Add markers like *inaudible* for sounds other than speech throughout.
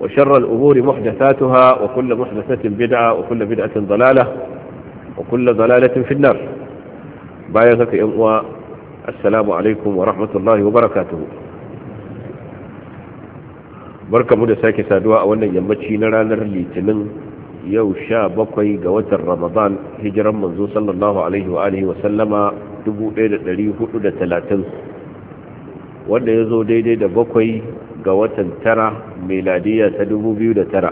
وشر الأمور محدثاتها وكل محدثة بدعة وكل بدعة ضلالة وكل ضلالة في النار بايغك إموى السلام عليكم ورحمة الله وبركاته barka mu da sake saduwa a wannan yammaci na ranar litinin yau sha bakwai ga watan ramadan hijiran manzu sallallahu alaihi wa alihi wa sallama 1430 wanda ya zo daidai da bakwai ga watan tara meladiya ta da tara.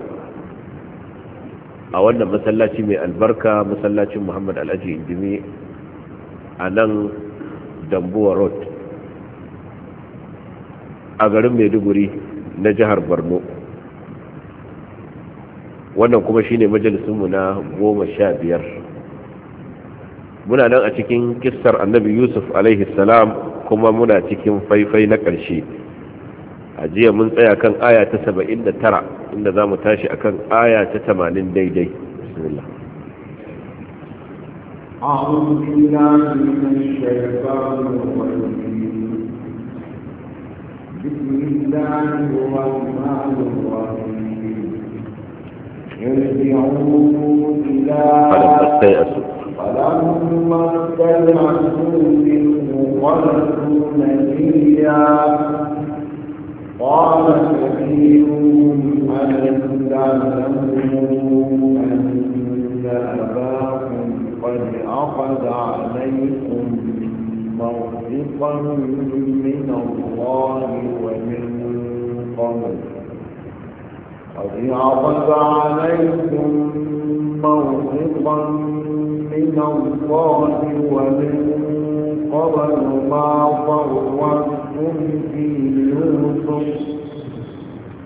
a wannan masallaci mai albarka masallacin muhammad alhaji indimi a nan dambuwa road a garin maiduguri na jihar borno wannan kuma shine majalisunmu na goma sha biyar muna nan a cikin kistar annabi yusuf alaihi salam kuma muna cikin faifai na ƙarshe a jiya mun tsaya kan aya ta 79 inda za mu tashi akan aya ta 80 daidai bismillah أعوذ بالله من الشيطان الرجيم بسم الله الرحمن الرحيم ارجعوا إلى فلما منه نبيا قال كثيرهم ألم تعلموا أن أباكم قد أخذ عليكم موثقا من الله ومن قبل قد أخذ عليكم موثقا من الله ومن قبل ما فرطتم ربكم في يوسف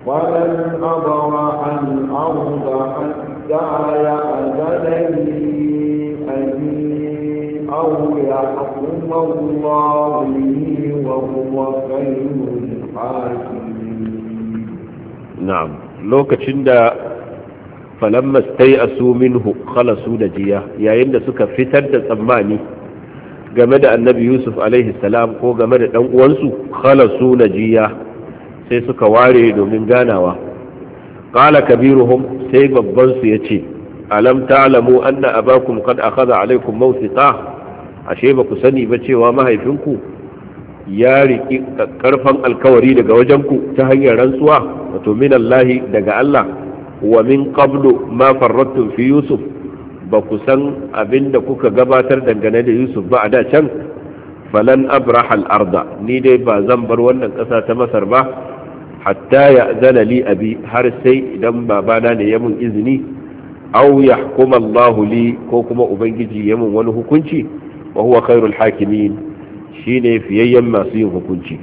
ولن أبرح الأرض حتى يأذن لي أبي أو يحكم الله لي وهو خير الحاكمين نعم lokacin da falamma stay asu minhu khalasu najiya yayin da suka fitar da tsammani game da annabi yusuf alaihi salam ko game da dan uwansu khalasu najiya sai suka ware domin ganawa qala kabiruhum sai babban su yace alam ta'lamu anna abakum qad akhadha alaykum mawthiqa ashe ba ku sani ba cewa mahaifinku ya riki karfan alkawari daga wajenku ta hanyar rantsuwa wato min Allah daga Allah wa min qablu ma farrattum fi yusuf ba ku san abin da kuka gabatar dangane da yusuf ba a da can falan abrahal arda ni dai ba zan bar wannan ƙasa ta masar ba hatta ya zana li abi har sai idan babana ne ya mun izini aw kuma Allah li ko kuma ubangiji ya mun wani hukunci wa huwa khairul hakimin shine fiyayyen masu yin hukunci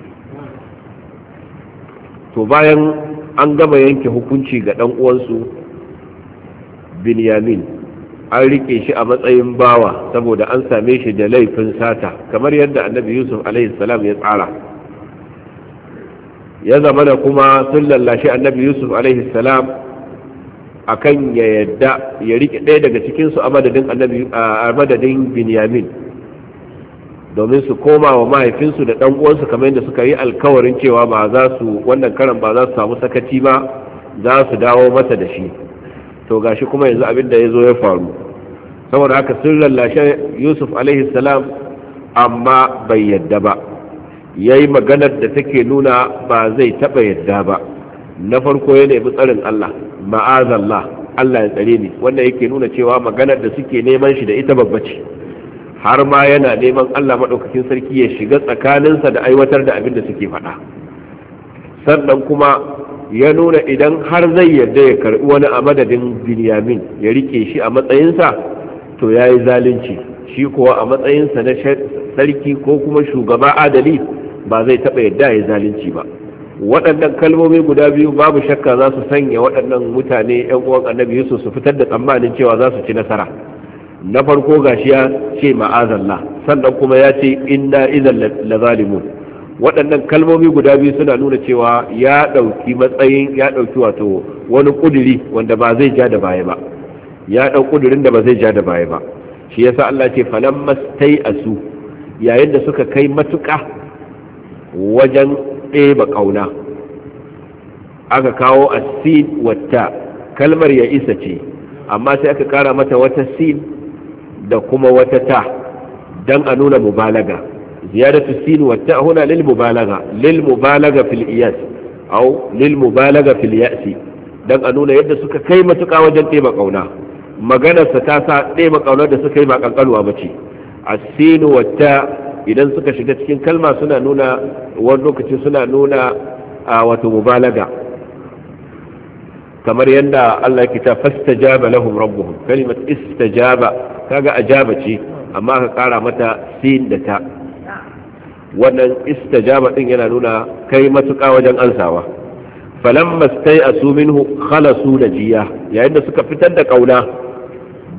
to bayan an gama yanke hukunci ga dan uwansu binyamin an rike shi a matsayin bawa saboda an same shi da laifin sata kamar yadda annabi yusuf salam ya tsara ya zama da kuma sun lallashi annabi yusuf salam a kan ya yadda ya rike ɗaya daga cikinsu a madadin binyamin domin su koma wa mahaifinsu da ɗan uwansu kamar yadda suka yi alkawarin cewa ba za su wannan karan ba za su samu sakaci ba za su dawo masa da shi to gashi kuma yanzu abin da ya zo ya faru saboda haka sun lallashe yusuf alaihi salam amma bai yadda ba ya yi maganar da take nuna ba zai taɓa yadda ba na farko ya nemi tsarin allah ma'azallah allah ya tsare ni wanda yake nuna cewa maganar da suke neman shi da ita babba ce har ma yana neman allah maɗaukakin sarki ya shiga tsakaninsa da aiwatar da abin da suke faɗa sannan kuma ya nuna idan har zai yarda ya karbi wani a madadin binyamin ya rike shi a matsayinsa to ya yi zalunci shi kuwa a matsayinsa na sarki ko kuma shugaba adali ba zai taɓa yarda ya zalunci ba waɗannan kalmomi guda biyu babu shakka za su sanya waɗannan mutane 'yan uwan annabi yusuf su fitar da tsammanin cewa za su ci nasara na farko gashi ya ce ma'azallah sannan kuma ya ce inna idan la zalimun waɗannan kalmomi guda biyu suna nuna cewa ya ɗauki matsayin ya ɗauki wato wani ƙuduri wanda ba zai ja da baya ba ya ɗau ƙudurin da ba zai ja da baya ba shi yasa Allah ce falan mastai asu yayin da suka kai matuƙa wajen ɗeba ƙauna aka kawo sin wata kalmar ya isa ce amma sai aka kara mata wata sin da kuma wata ta don a nuna mubalaga زيادة السين والتاء هنا للمبالغة للمبالغة في الإياس أو للمبالغة في اليأس a nuna yadda suka kai matuƙa wajen ɗeba ƙauna maganarsa ta sa ɗeba da suka yi ba ƙanƙanuwa ba ce asinu wata idan suka shiga cikin kalma suna nuna wani lokaci suna nuna a wato mubalaga kamar yadda Allah ya kita fastajaba lahum rabbuhum kalimat istajaba kaga ajaba ce amma ka kara mata sin da ta wannan istijaba din yana nuna kai matuƙa wajen ansawa falamma stai'asu minhu khalasu najiya yayin da suka fitar da kauna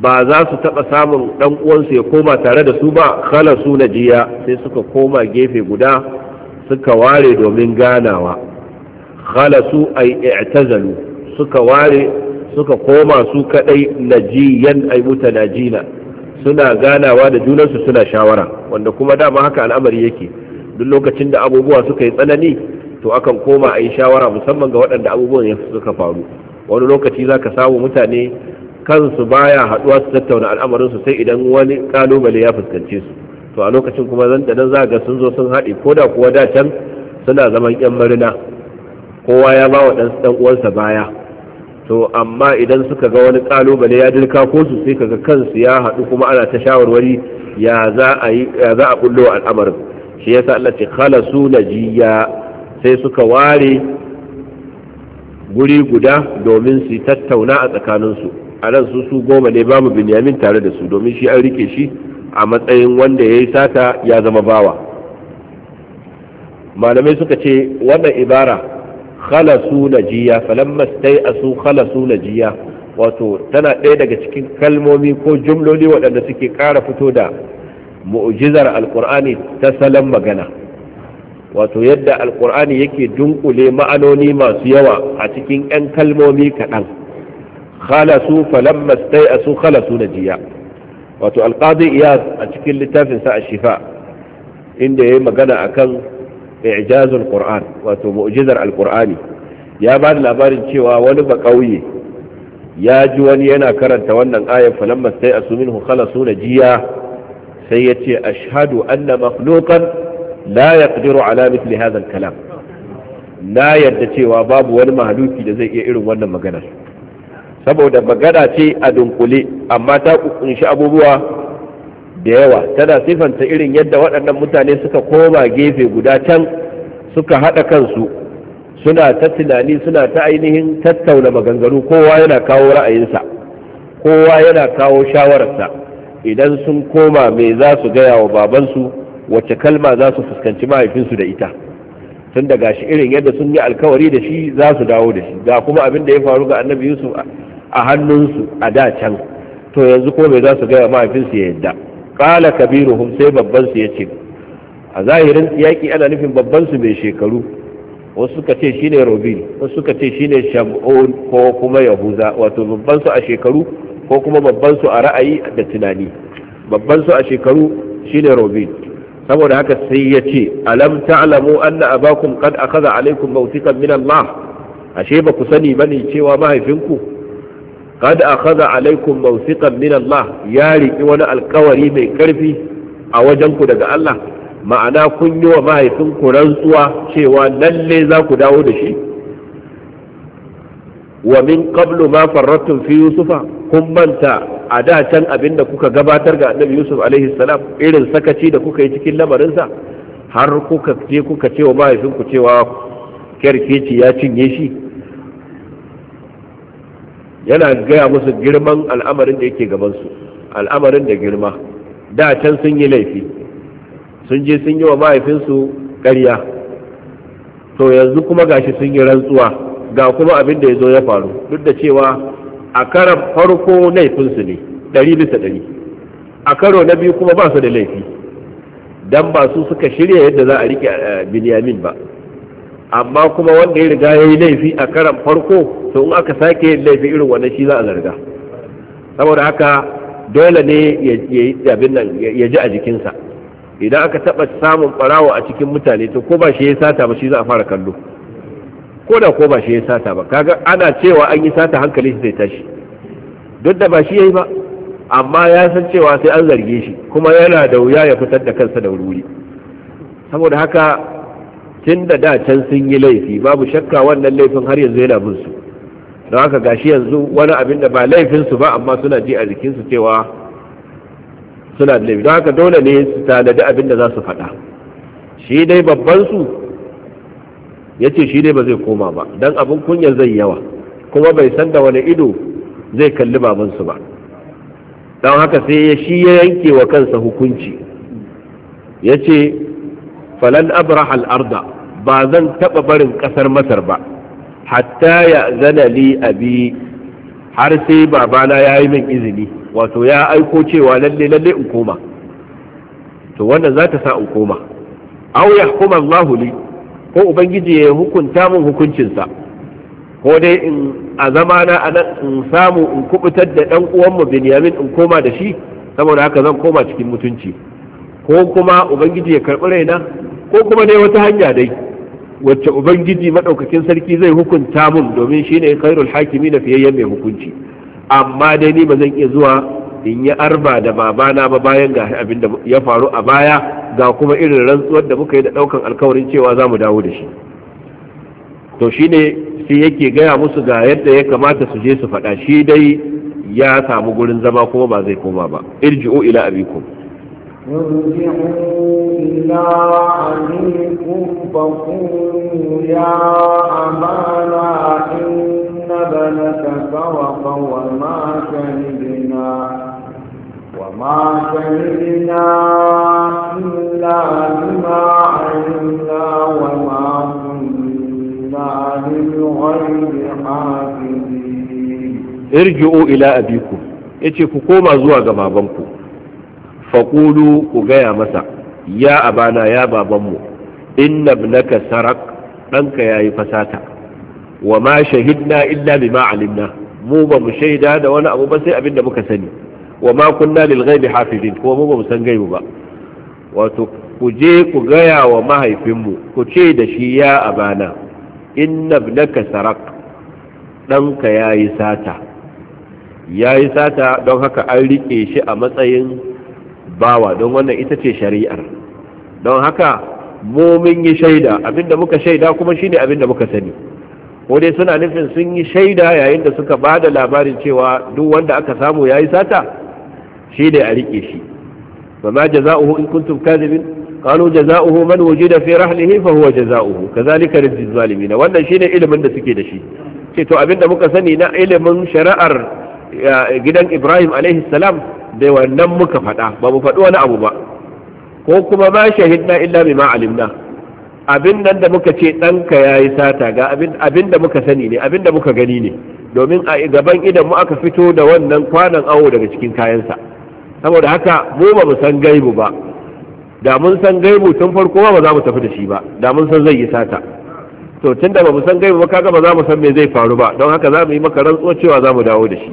ba za su taba samun dan uwansu ya koma tare da su ba khalasu najiya sai suka koma gefe guda suka ware domin ganawa khalasu ay i'tazalu suka ware suka koma su kadai najiyan ay mutanajina suna ganawa da junansu suna shawara wanda kuma dama haka al'amari yake duk lokacin da abubuwa suka yi tsanani to akan koma a yi shawara musamman ga waɗanda abubuwan suka faru wani lokaci za ka samu mutane kansu baya haɗuwa su tattauna al'amarinsu sai idan wani kalubale ya fuskance su to a lokacin kuma zan da nan za ga sun zo sun haɗe ko da kuwa da can suna zaman yan marina kowa ya ba wa ɗan uwansa baya to amma idan suka ga wani kalubale ya dirka ko su sai kaga kansu ya haɗu kuma ana ta shawarwari ya za a yi ya za a bullo al'amarin shi yasa Allah ce khalasu najiya sai suka ware guri guda domin su tattauna a tsakaninsu a ran su su goma ne babu binyamin tare da su domin shi an rike shi a matsayin wanda ya yi sata ya zama bawa malamai suka ce wannan ibara khalasu najiya falamma stai asu khalasu najiya wato tana ɗaya daga cikin kalmomi ko jumloli waɗanda suke ƙara fito da mu'jizar alkur'ani ta salon magana wato yadda alkur'ani yake dunkule ma'anoni masu yawa a cikin 'yan kalmomi kaɗan khalasu falamma stai'asu khalasu jiya wato alqadi iyaz a cikin littafinsa a shifa inda yayi magana akan i'jazul qur'an wato mu'jizar alqur'ani ya ba da labarin cewa wani ba ya ji wani yana karanta wannan ayar falamma stai'asu minhu khalasu jiya. sai ya ce ashadu anna makhluqan la yaqdiru ala mithli hadha al-kalam na yarda cewa babu wani mahaluki da zai iya irin wannan maganar saboda magana ce a dunkule amma ta kunshi abubuwa da yawa tana sifanta irin yadda waɗannan mutane suka koma gefe guda can suka haɗa kansu suna ta tunani suna ta ainihin tattauna maganganu kowa yana kawo ra'ayinsa kowa yana kawo shawararsa idan sun koma mai za su gaya wa babansu wacce kalma za su fuskanci mahaifinsu da ita tun daga shi irin yadda sun yi alkawari da shi za su dawo da shi ga kuma abin da ya faru ga annabi yusuf a hannunsu a da can to yanzu ko mai za su gaya mahaifinsu ya yadda kala kabiruhum sai babban ya ce a zahirin yaƙi ana nufin babban su mai shekaru wasu suka ce shine robin wasu suka ce shine shamun ko kuma yahuza wato babban su a shekaru ko kuma babban su a ra'ayi da tunani babban su a shekaru shine robin saboda haka sai ya ce alam ta'lamu anna abakum qad akhadha alaykum mawthiqan min Allah ashe ba ku sani bane cewa mahaifinku qad akhadha alaykum mawthiqan min Allah ya riki wani alkawari mai karfi a wajen ku daga Allah ma'ana kun yi wa mahaifinku rantsuwa cewa lalle za ku dawo da shi wa min qablu ma farrattum fi yusufa kun manta a da can abin da kuka gabatar ga annabi yusuf alaihi salam irin sakaci da kuka yi cikin lamarinsa har kuka je kuka ce wa mahaifinku cewa kyarkeci ya cinye shi yana gaya musu girman al'amarin da yake gabansu al'amarin da girma da can sun yi laifi sun je sun yi wa mahaifinsu ƙarya to yanzu kuma gashi sun yi rantsuwa ga kuma abin da ya zo ya faru duk da cewa a karan farko laifinsu ne ɗari bisa ɗari a karo na biyu kuma ba su da laifi don ba su suka shirya yadda za a riƙe eh, binyamin ba amma kuma wanda ya riga ya yi laifi a karan farko to in aka sake yin laifi irin wannan shi za a zarga saboda haka dole ne ya ji a jikinsa idan aka taɓa samun ɓarawa a cikin mutane to ko ba shi ya sata ba shi za a fara kallo ko da ko ba shi ya sata ba kaga ana cewa an yi sata hankali zai tashi duk da ba shi yayi ba amma ya san cewa sai an zarge shi kuma yana da wuya ya fitar da kansa da wuri saboda haka tun da da can sun yi laifi babu shakka wannan laifin har yanzu yana bin su don haka gashi yanzu wani abin da ba laifin su ba amma suna ji a jikin su cewa suna da laifi don haka dole ne su tanadi abin da za su faɗa shi dai babban su ya ce shi ne ba zai koma ba don abin kunya zai yawa kuma bai san da wani ido zai kalli babansu ba don haka sai ya shi ya yanke wa kansa hukunci ya ce falan abraha al'arda ba zan taɓa barin ƙasar masar ba hatta ya zana li abi har sai babana ya yi min izini wato ya aiko cewa lalle lalle in koma to wannan za ta sa in koma aw yahkum Allah li ko ubangiji ya hukunta min hukuncinsa ko dai in a zamana a nan in samu in kubutar da ɗan uwanmu benyamin in koma da shi saboda haka zan koma cikin mutunci ko kuma ubangiji ya karɓi raina ko kuma dai wata hanya dai wacce ubangiji maɗaukakin sarki zai hukunta mun domin shine khairul hakimi na fiyayyen mai hukunci amma dai ni ba zan iya zuwa in yi arba da babana ba bayan ga abin da ya faru a baya ga kuma irin rantsuwar da muka yi da daukan alkawarin cewa za mu dawo da shi to shi ne sai yake gaya musu ga yadda ya kamata su je su faɗa shi dai ya samu gurin zama kuma ba zai koma ba irji'u ila abikum ارجعوا إلى أبيكم فقولوا يا أبانا إن بنك سرق وما شهدنا وما شهدنا إلا بما علمنا وما كنا للغيب حافظين ارجعوا إلى أبيكم yace ku koma zuwa ga babanku faƙulu ku gaya masa ya abana ya babanmu inna ibnaka sarak ɗanka ya yi fasata wa ma shahidna illa bima alimna mu ba mu shaida da wani abu ba sai abin da muka sani wa ma kunna lil ghaibi hafizin kuma mu ba mu san gaibu ba wato ku je ku gaya wa mahaifinmu ku ce da shi ya abana inna ibnaka sarak ɗanka ya yi sata yayi sata don haka an rike shi a matsayin bawa don wannan ita ce shari'ar don haka momin yi shaida abinda muka shaida kuma shine abinda muka sani ko dai suna nufin sun yi shaida yayin da suka ba da labarin cewa duk wanda aka samu ya yi sata shi ne a rike shi fa ma jaza'uhu in kuntum kadhibin qalu jaza'uhu man wujida fi rahlihi fa huwa jaza'uhu kadhalika rizqi zalimin wannan shine ilimin da suke da shi ce to abinda muka sani na ilimin shari'ar gidan Ibrahim alaihi salam da wannan muka faɗa ba mu faɗi wani abu ba ko kuma ma shahidna illa bima alimna abin nan da muka ce ɗanka ya yi sata ga abin da muka sani ne abin da muka gani ne domin a gaban idan mu aka fito da wannan kwanan awo daga cikin kayansa saboda haka mu ba mu san gaibu ba da mun san gaibu tun farko ba za mu tafi da shi ba da mun san zai yi sata to tun da ba mu san gaibu ba kaga ba za mu san me zai faru ba don haka za mu yi maka rantsuwa cewa za mu dawo da shi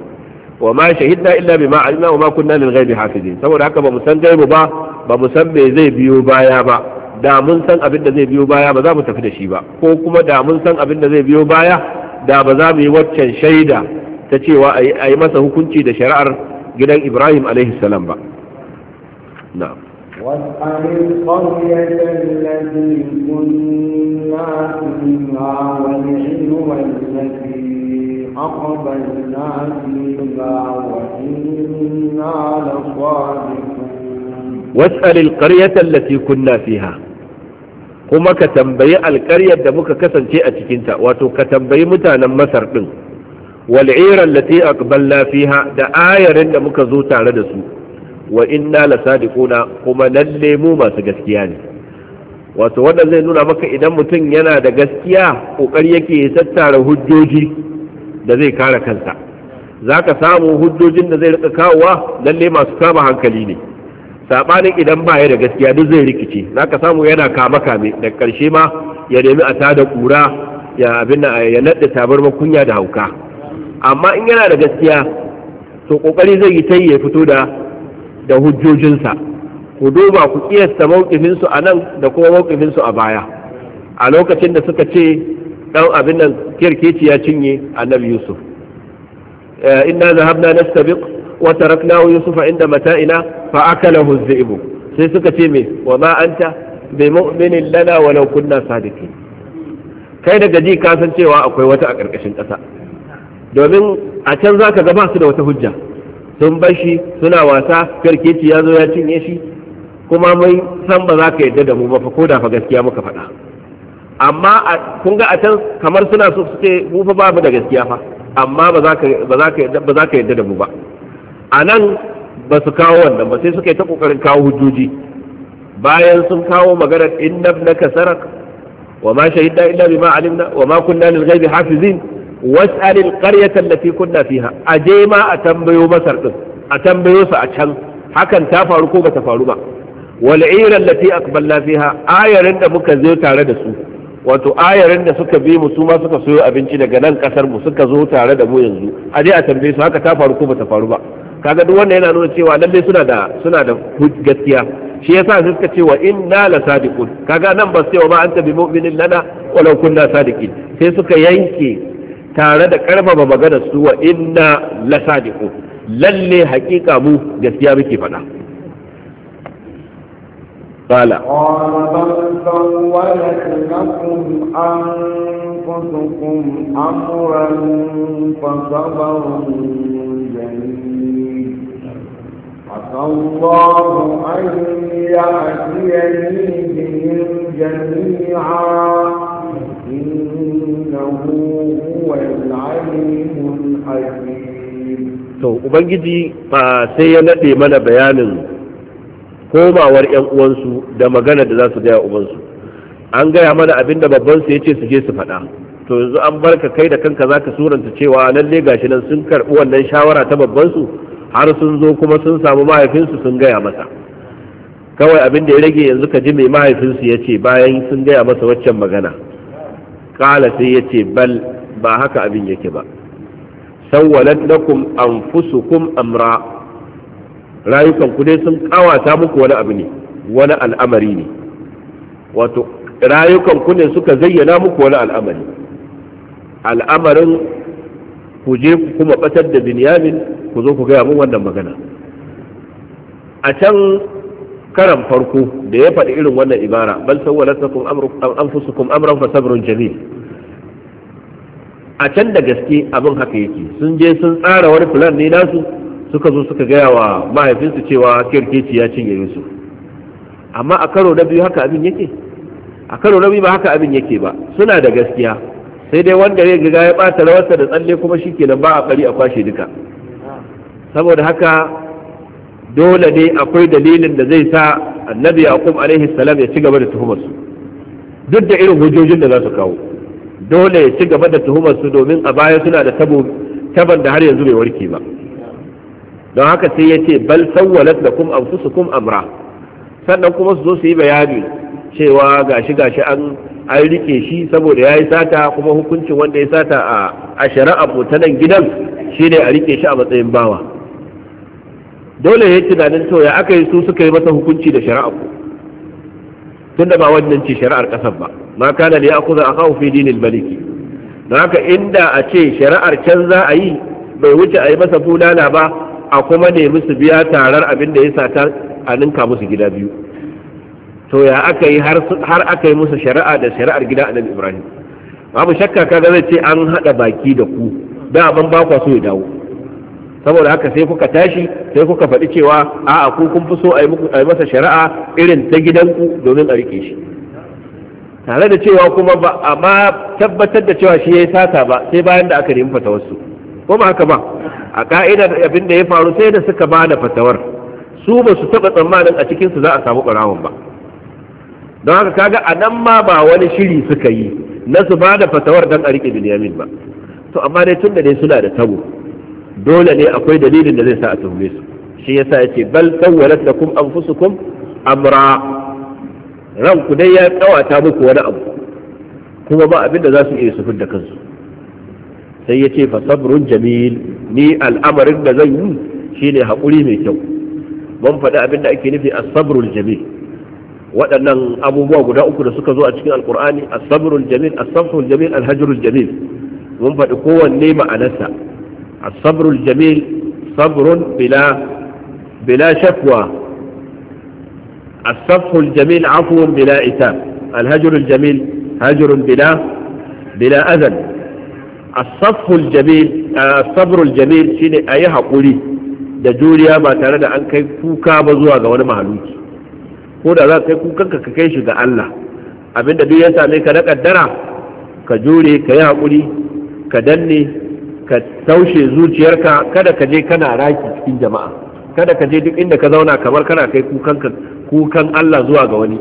wa ma shahidna illa bima alimna wa ma kunna lil ghaibi hafizin saboda haka ba mu san gaibu ba ba mu san me zai biyo baya ba da mun san abin da zai biyo baya ba za mu tafi da shi ba ko kuma da mun san abin da zai biyo baya da ba za mu yi waccan shaida ta cewa a yi masa hukunci da shari'ar جدا إبراهيم عليه السلام بقى نعم واسأل القرية التي كنا فيها والعلم الذي أقبلنا فيها وإنا لصادقون واسأل القرية التي كنا فيها kuma ka القرية alkaryar da muka kasance a cikinta wato da والعير da أقبلنا فيها دعاية رند مكزو تعلدسو وإنا لصادقون كما نلمو gaskiya ne. wato wanda zai nuna maka idan mutum yana da gaskiya ƙoƙari yake tattara hujjoji da zai kare kansa za ka samu hujjojin da zai rika kawowa lalle masu kama hankali ne saɓanin idan ba ya da gaskiya duk zai rikice za ka samu yana kama kame da ƙarshe ma ya nemi a tada ƙura ya abin ya naɗe tabar makunya da hauka amma in yana da gaskiya to kokari zai yi ta ya fito da da hujjojinsa ku duba ku kiyasta mawkifinsu a nan da kuma su a baya a lokacin da suka ce dan abin nan kirkeci ya cinye annabi yusuf eh, inna zahabna nastabiq wa tarakna yusufa inda mata'ina fa akalahu az-zi'bu sai suka ce me wa ma anta bi mu'minin lana walau kunna sadiqin kai daga ji ka san cewa akwai wata a ƙarƙashin ƙasa domin a can za ka gaba su da wata hujja sun bar shi suna wasa karkeci ya zo ya cinye shi kuma mai san ba za ka yadda da mu ba fa ko da fa gaskiya muka faɗa amma kun ga a can kamar suna so su ce mu fa babu da gaskiya fa amma ba za ka yadda da mu ba a nan ba su kawo wannan ba sai suka yi ta kokarin kawo hujjoji bayan sun kawo maganar inna naka sarak wa ma shahidna illa bima alimna wa ma kunna lil ghaibi hafizin was'al alqaryata allati kunna fiha aje ma a tambayo masar din a tambayo su a can hakan ta faru ko bata faru ba wal ira allati aqbalna fiha ayarin da muka zo tare da su wato ayarin da suka bi mu su ma suka soyo abinci daga nan kasar mu suka zo tare da mu yanzu aje a tambaye su haka ta faru ko bata faru ba kaga duk wanda yana nuna cewa lalle suna da suna da gaskiya shi yasa sai suka cewa inna la sadiqun kaga nan ba su wa ma anta bi mu'minin lana walau kunna sadiqin sai suka yanke tare da karfafa maganar su wa inna sadiqu lalle haƙiƙa mu gaskiya muke faɗa قال قال بل سولت لكم فصبر جميل عسى الله بهم جميعا to ubangiji sai ya naɗe mana bayanin komawar yan uwansu da magana da za su gaya ubansu an gaya mana abinda da babban su yace su je su faɗa to yanzu an barka kai da kanka zaka suranta cewa lalle gashi nan sun karɓi wannan shawara ta babban su har sun zo kuma sun samu mahaifinsu sun gaya masa kawai abinda ya rage yanzu ka ji mai mahaifinsu ya ce bayan sun gaya masa waccan magana kala sai ya ce bal ba haka abin yake ba sawwalat lakum anfusukum amra rayukan ku dai sun kawata muku wani abu ne wani al'amari ne wato rayukan ku ne suka zayyana muku wani al'amari al'amarin ku je ku kuma batar da binyamin ku zo ku gaya mun wannan magana a can karan farko da ya faɗi irin wannan ibara bal sawwalat lakum anfusukum amran fa sabrun jamil a can da gaske abin haka yake sun je sun tsara wani plan ne nasu suka zo suka gaya wa mahaifinsu cewa kirkeci ya cinye yusuf amma a karo na biyu haka abin yake a karo na biyu ba haka abin yake ba suna da gaskiya sai dai wanda ya ga ya bata rawarsa da tsalle kuma shikenan ba a bari a kwashe duka saboda haka dole ne akwai dalilin da zai sa annabi yaqub alaihi salam ya ci gaba da tuhumar su duk da irin hujjojin da za su kawo dole ya ci gaba da tuhumar su domin a baya suna da tabo taban da har yanzu bai warke ba don haka sai ya ce bal sawwalat lakum anfusukum amra sannan kuma su zo su yi bayani cewa gashi gashi an an rike shi saboda ya yi sata kuma hukuncin wanda ya sata a shari'a ta gidan shine a rike shi a matsayin bawa dole ya yi tunanin to ya aka yi su suka yi masa hukunci da shari'a ku tunda ba wannan ce shari'ar kasar ba ma kana akuza a kawo fi dinil maliki don haka inda a ce shari'ar can za a yi bai wuce a yi masa bulala ba a kuma nemi su biya tarar abin da ya sata a ninka musu gida biyu to ya aka yi har aka yi musu shari'a da shari'ar gida annabi ibrahim babu shakka kaga zai ce an haɗa baki da ku da abin ba so ya dawo saboda haka sai kuka tashi sai kuka faɗi cewa a'a ku kun fi so a yi masa shari'a irin ta gidanku domin a rike shi tare da cewa kuma ba a ma tabbatar da cewa shi ya yi sata ba sai bayan da aka nemi su ko ba haka ba a ka'idar abin da ya faru sai da suka ba da fatawar su ba su taɓa tsammanin a cikin su za a samu ɓarawon ba don haka kaga a nan ma ba wani shiri suka yi na su ba da fatawar don a riƙe binyamin ba to amma dai tun da dai suna da tabo dole ne akwai dalilin da zai sa a tuhume su shi yasa yace bal sawwalat lakum anfusukum amra ranku dai ya tsawata muku wani abu kuma ba abin da za su iya su da kansu sai yace fa sabrun jamil ni al'amarin da zai yi shine hakuri mai kyau ban faɗi abin da ake nufi as-sabrul jamil waɗannan abubuwa guda uku da suka zo a cikin alkur'ani as-sabrul jamil as-sabrul jamil al-hajrul jamil mun faɗi kowanne ma'anarsa الصبر الجميل صبر بلا بلا شكوى الصفح الجميل عفو بلا إثام الهجر الجميل هجر بلا بلا أذن الصفح الجميل آه، الصبر الجميل شيني أيها قولي دا جوليا ما أن كيفو كاب زواغ ونما قول الله كيفو كنك دا الله أبن نبي يسا ميك لك الدرع كجولي كيها قولي كدني ka taushe zuciyarka kada ka je kana raki cikin jama'a kada ka je duk inda ka zauna kamar kana kai kukan kukan Allah zuwa ga wani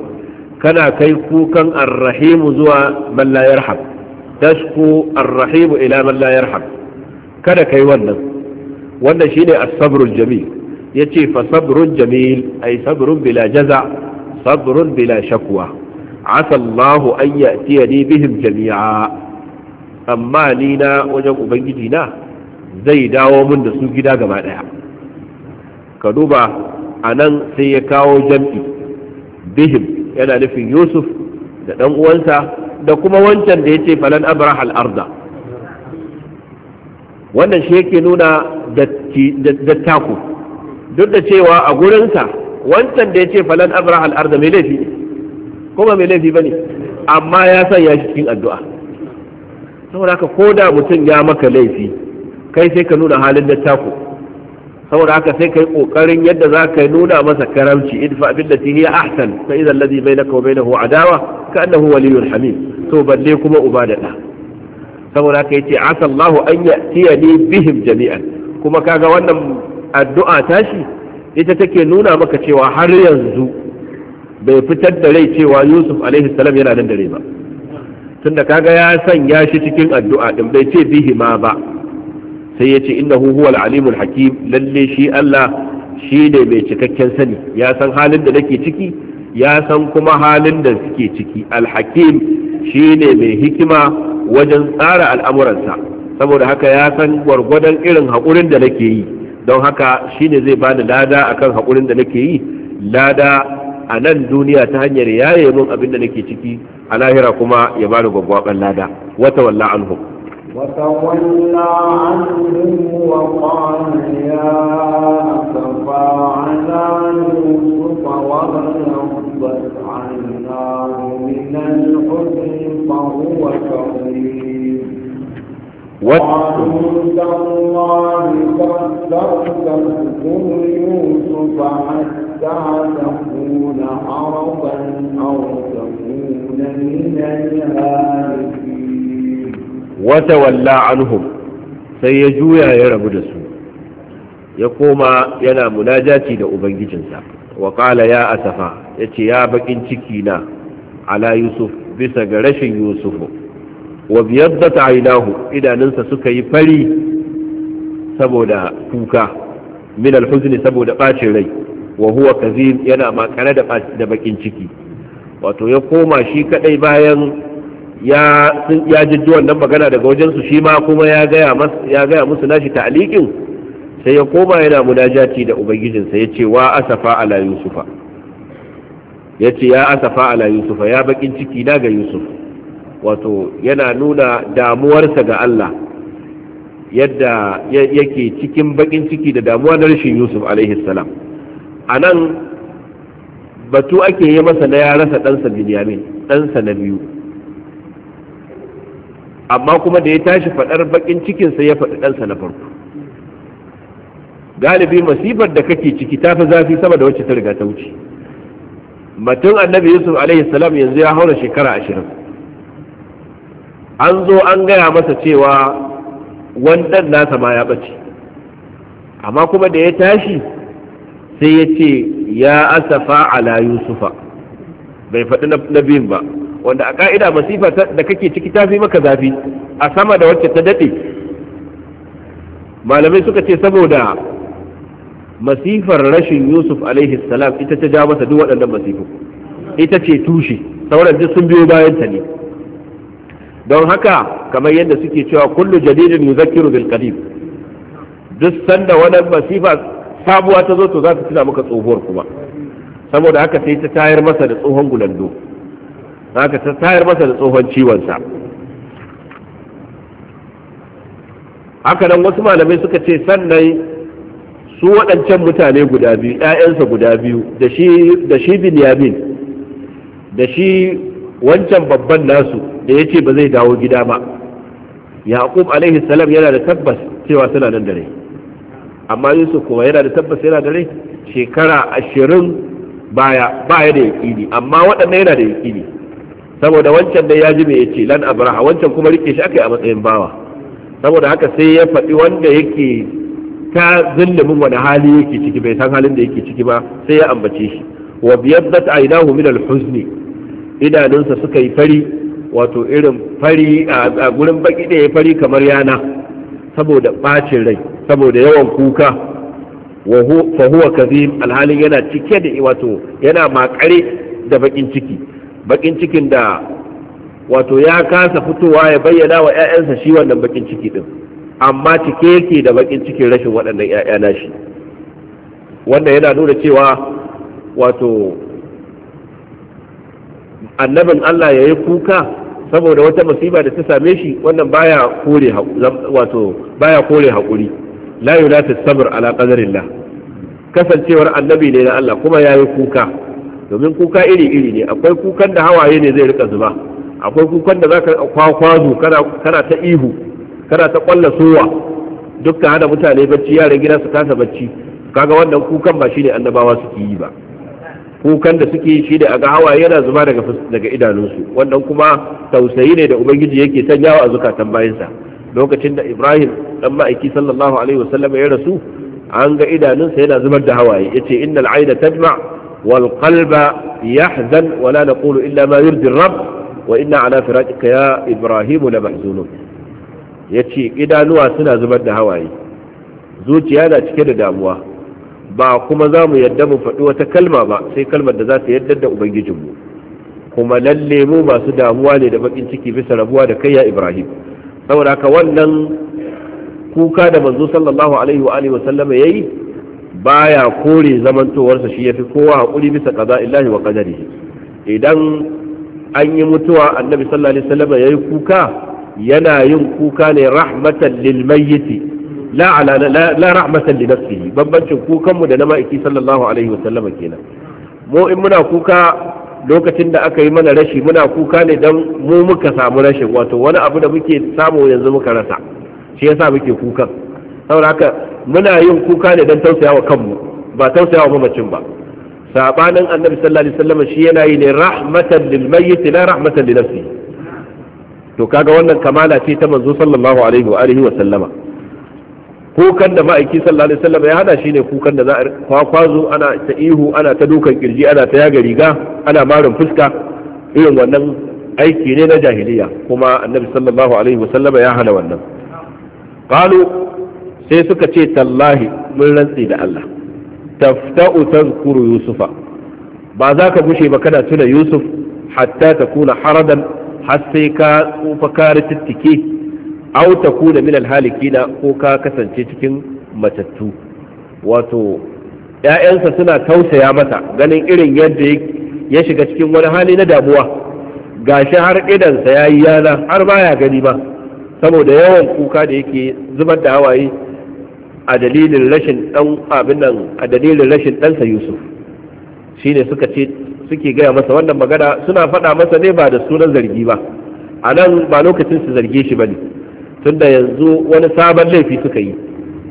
kana kai kukan arrahimu zuwa man la yarham tashku arrahimu ila man la yarham kada kai wannan wannan shine as-sabrul jamil yace fa sabrun jamil ay sabrun bila jaza sabrun bila shakwa asa Allah an ya'tiyani bihim jami'a amma ni na wajen ubangiji na zai dawo mun da su gida gaba daya ka duba a nan sai ya kawo jam'i bihim yana nufin yusuf da ɗan uwansa da kuma wancan da ya ce falan abraha al'arda wannan shi yake nuna taku duk da cewa a gurinsa wancan da ya ce falan abraha al'arda mai laifi kuma mai laifi ba ne amma ya sanya shi cikin addu'a saboda haka ko da mutum ya maka laifi kai sai ka nuna halin dattako saboda haka sai kai kokarin yadda za ka nuna masa karamci idfa billati hiya ahsan fa idza alladhi bainaka wa bainahu adawa ka annahu waliyyun hamim to balle kuma uba da da saboda haka yace asallahu an ya'tiyani bihim jami'an kuma kaga wannan addu'a tashi ita take nuna maka cewa har yanzu bai fitar da rai cewa Yusuf alaihi salam yana nan dare ba tunda kaga ya sanya shi cikin addu'a din bai ce bihi ma ba sai ya ce innahu huwal alimul hakim lalle shi Allah shi ne mai cikakken sani ya san halin da nake ciki ya san kuma halin da suke ciki alhakim shi ne mai hikima wajen tsara al'amuransa saboda haka ya san gwargwadon irin haƙurin da nake yi don haka shi ne zai bani lada akan haƙurin da nake yi lada a nan duniya ta hanyar yaye mun abin da nake ciki a lahira kuma ya bani gwaggwaban lada wata walla anhu وتولى عنهم وقال يا أسفى على يوسف وابيضت عيناه من الحزن فهو كظيم wata walla anhum sai ya juya ya rabu da su ya koma yana munajaci da ubangijinsa Wakala ya asafa ya ce ya bakin ciki na ala yusuf bisa ga rashin yusufu wa biyaddat aynahu idanunsa suka yi fari saboda kuka min alhuzni saboda bacin rai wa huwa kazim yana makare da da bakin ciki wato ya koma shi kadai bayan ya ya jiddu wannan magana daga wajen su shi ma kuma ya gaya ya gaya musu nashi ta'liqin sai ya koma yana munajati da ubangijinsa yace wa asafa ala yusufa yace ya asafa ala yusufa ya bakin ciki na ga yusuf wato yana nuna damuwarsa ga Allah yadda yake cikin bakin ciki da damuwa na rashin yusuf salam a nan batu ake yi masa na ya rasa ɗansa binyamin ɗansa na biyu amma kuma da ya tashi faɗar bakin cikinsa ya faɗi ɗansa na farko galibi masifar da kake ciki ta fi zafi sama da wacce ta riga ta wuce batun annabi yusuf salam yanzu ya haura shekara ashirin an zo an gaya masa cewa wandan nasa ma ya bace amma kuma da ya tashi sai ya ce ya asafa ala yusufa bai faɗi na biyun ba wanda a ƙa'ida masifa da kake ciki ta fi maka zafi a sama da wacce ta daɗe malamai suka ce saboda masifar rashin yusuf alaihi salam ita ta ja masa duk waɗannan masifu ita ce tushe sauran duk sun biyo bayan ta ne don haka kamar yadda suke cewa kullu jadidin yuzakkiru bil qadim duk sanda wani masifa sabuwa ta zo to za ta tuna maka tsohuwar kuma saboda haka sai ta tayar masa da tsohon gulando haka ta tayar masa da tsohon ciwon sa. haka nan wasu malamai suka ce sannan su waɗancan mutane guda biyu ‘ya'yansa guda biyu da shi binyamin da shi wancan babban nasu da ya ce ba zai dawo gida ba yaqub alaihi salam yana da tabbas cewa suna nan da rai amma yusuf kuma yana da tabbas yana da rai shekara ashirin baya baya da yaƙini amma waɗannan yana da yaƙini saboda wancan dai ya ji mai yace lan abraha wancan kuma rike shi aka yi a matsayin bawa saboda haka sai ya faɗi wanda yake ta zullumin wani hali yake ciki bai san halin da yake ciki ba sai ya ambace shi wa biyaddat aynahu min al-huzni idanunsa suka yi fari wato irin fari a gurin baki da ya fari kamar yana saboda bacin rai saboda yawan kuka fahuwa huwa kazim alhalin yana cike da wato yana makare da bakin ciki bakin cikin da wato ya kasa fitowa ya bayyana wa 'ya'yansa shi wannan bakin ciki din amma cike yake da bakin cikin rashin waɗannan 'ya'ya shi wannan yana nuna cewa wato annabin Allah ya yi kuka saboda wata musiba da ta same shi wannan baya kore wato baya kore haƙuri la yunata sabr ala qadarillah kasancewar annabi ne na Allah kuma ya yi kuka domin kuka iri iri ne akwai kukan da hawaye ne zai rika zuba akwai kukan da zaka kwakwazo kana ta ihu kana ta kwalla sowa dukkan hada mutane bacci yaran gida su kasa bacci kaga wannan kukan ba shine annabawa suke yi ba kukan da suke shi da aga hawaye yana zuba daga daga idanunsu wannan kuma tausayi ne da ubangiji yake sanyawa a zukatan bayansa lokacin da ibrahim dan ma'aiki sallallahu alaihi wasallam ya rasu an ga idanunsa yana zubar da hawaye yace innal aina tajma wal qalba yahzan wa la naqulu illa ma yurdi rabb wa inna ala firaqika ya ibrahim la mahzunun yace idanuwa suna zubar da hawaye zuciya na cike da damuwa ba kuma za mu yadda mu faɗi wata kalma ba sai kalmar da za ta yadda da ubangijinmu kuma lalle mu masu damuwa ne da bakin ciki bisa rabuwa da kai ya ibrahim saboda haka wannan kuka da manzo sallallahu alaihi wa alihi wa sallama yayi baya kore zamantowarsa shi yafi kowa hakuri bisa qada'illahi wa qadarihi idan an yi mutuwa annabi sallallahu alaihi wa sallama yayi kuka yana yin kuka ne rahmatan lil mayyiti la ala la rahmatan li nafsihi bambancin kukan mu da na ma'aiki sallallahu alaihi kenan mu in muna kuka lokacin da aka yi mana rashi muna kuka ne dan mu muka samu rashin wato wani abu da muke samu yanzu muka rasa shi yasa muke kukan saboda haka muna yin kuka ne dan tausayawa kanmu ba tausayawa mamacin ba sabanin annabi sallallahu shi yana yi ne la to kaga wannan kamala ce ta manzo sallallahu alaihi wa alihi wa sallama kukan da ma'aiki sallallahu alaihi wasallam ya hana shine kukan da za a kwakwazo ana ta ihu ana ta dukan kirji ana ta yaga riga ana marin fuska irin wannan aiki ne na jahiliya kuma annabi sallallahu alaihi wasallam ya hana wannan qalu sai suka ce tallahi mun rantsi da Allah tafta'u tazkuru yusufa ba za ka gushe ba kana tuna yusuf hatta takuna haradan har sai ka tsufa kare ritittike aw da min alhalikina ko ka kasance cikin matattu wato 'ya'yansa suna tausaya masa ganin irin yadda ya shiga cikin wani hali na damuwa gashi har idansa ya yi yana har baya gani ba saboda yawan kuka da yake zubar da hawaye a dalilin rashin dan abin nan a dalilin rashin ɗansa yusuf shine suka ce suke gaya masa wannan magana suna faɗa masa ne ba da sunan zargi ba a nan ba lokacin su zarge shi ba ne tunda yanzu wani sabon laifi suka yi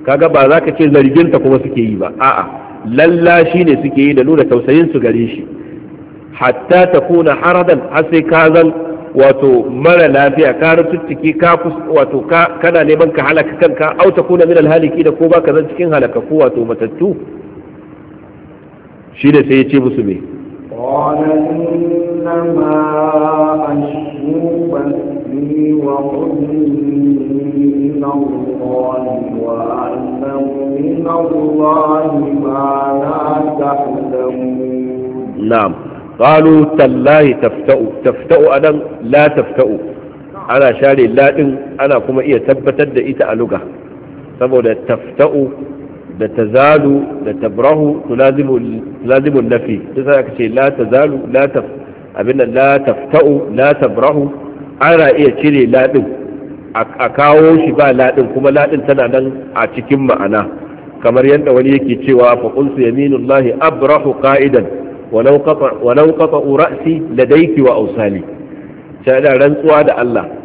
kaga ba za ka ce zarginta kuma suke yi ba a'a lallashi ne suke yi da nuna tausayin su gare shi hatta ta kuna haradan har ka zan wato mara lafiya ka rututtuki ka wato ka kana neman ka halaka kanka au ta kuna min alhaliki da ko baka zan cikin halakaku wato matattu shi ne sai ya ce musu me قال إنما أشكو بثي وحزني إلى الله وأعلم من الله ما لا تعلمون نعم قالوا تالله تفتأ تفتأ أنا لا تفتأ أنا شاري لا إن أنا كما إيه تبتد إيه ألغة saboda tafta'u da tazalu da tabrahu tulazimu nafi sai aka ce la tazalu la taf abin la tafta'u la tabrahu ana iya cire ladin a kawo shi ba ladin kuma ladin tana nan a cikin ma'ana kamar yadda wani yake cewa fa qultu yaminullahi abrahu qa'idan walau qata walau qata ra'si ladayki wa awsali ta da rantsuwa da Allah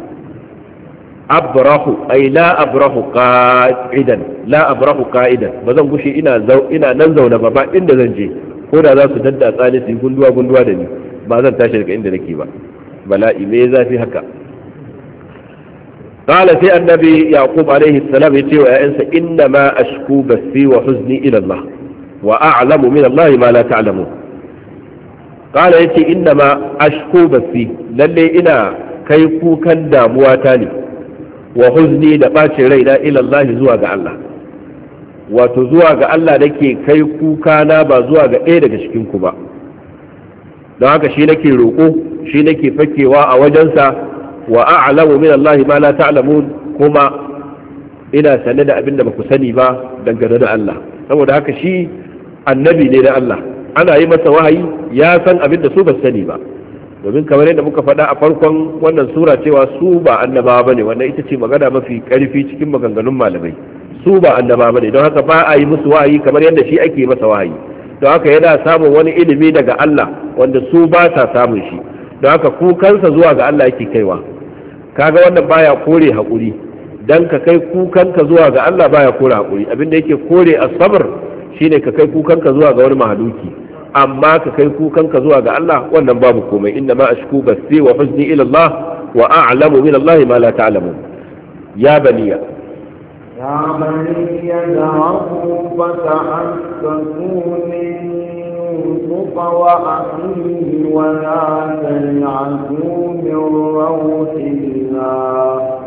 abrahu ay la abrahu qa'idan la abrahu qa'idan ba zan gushe ina nan zauna ba inda zan je ko da za su dadda tsani su gunduwa gunduwa da ni ba zan tashi daga inda nake ba bala'i me zafi haka qala sai annabi yaqub alaihi salam yace wa ya'ansa inna ma ashku bathi wa huzni ila allah wa a'lamu min allah ma la yace inna ma ashku bathi lallai ina kai kukan damuwa ta ne wa huzni da ɓacin rai na ilallahi zuwa ga Allah wato zuwa ga Allah nake kai kuka na ba zuwa ga ɗaya daga cikin ku ba don haka shi nake roƙo shi nake fakewa a wajensa wa a'lamu min Allah ma la ta'lamun kuma ina sane da abin da ba ku sani ba dangane da Allah saboda haka shi annabi ne da Allah ana yi masa wahayi ya san abin da su ba sani ba domin kamar yadda muka faɗa a farkon wannan sura cewa su ba annabawa bane wannan ita ce magana mafi ƙarfi cikin maganganun malamai su ba annabawa bane don haka ba a yi musu wahayi kamar yadda shi ake masa wahayi don haka yana samun wani ilimi daga Allah wanda su ba sa samun shi don haka kukansa zuwa ga Allah yake kaiwa kaga wannan baya kore haƙuri dan ka kai kukanka zuwa ga Allah baya kore haƙuri abinda yake kore asabar shine ka kai kukanka zuwa ga wani mahaluki amma ka kai kukanka zuwa ga Allah wannan babu komai inna ma ashku basti wa huzni ila Allah wa a'lamu min Allah ma la ta'lamun ya baniya ya baniya da'u fa ta'assu min يوسف وأخيه ولا تنعسوا من روح الله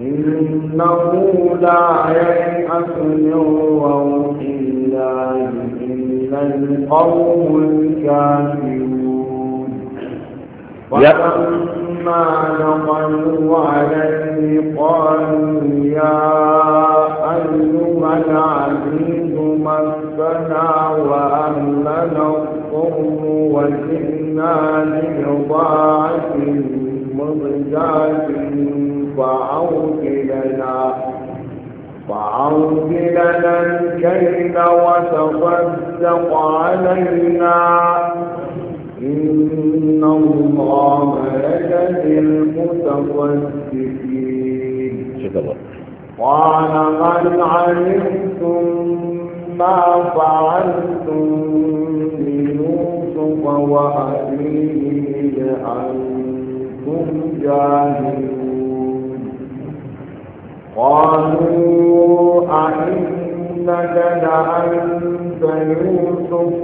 إنه لا يحس من روح الله إلا القوم الكافرون ولما نقلوا عليه قالوا يا أيها العزيز مسنا وأهلنا الضر وجئنا لبضاعة مضجعة فعوض لنا فعوض لنا الكيل وتصدق علينا إن الله لك المتصدقين قال هل علمتم ما فعلتم بيوسف وأبيه إذ هم جاهلون قالوا أئنك لأنت يوسف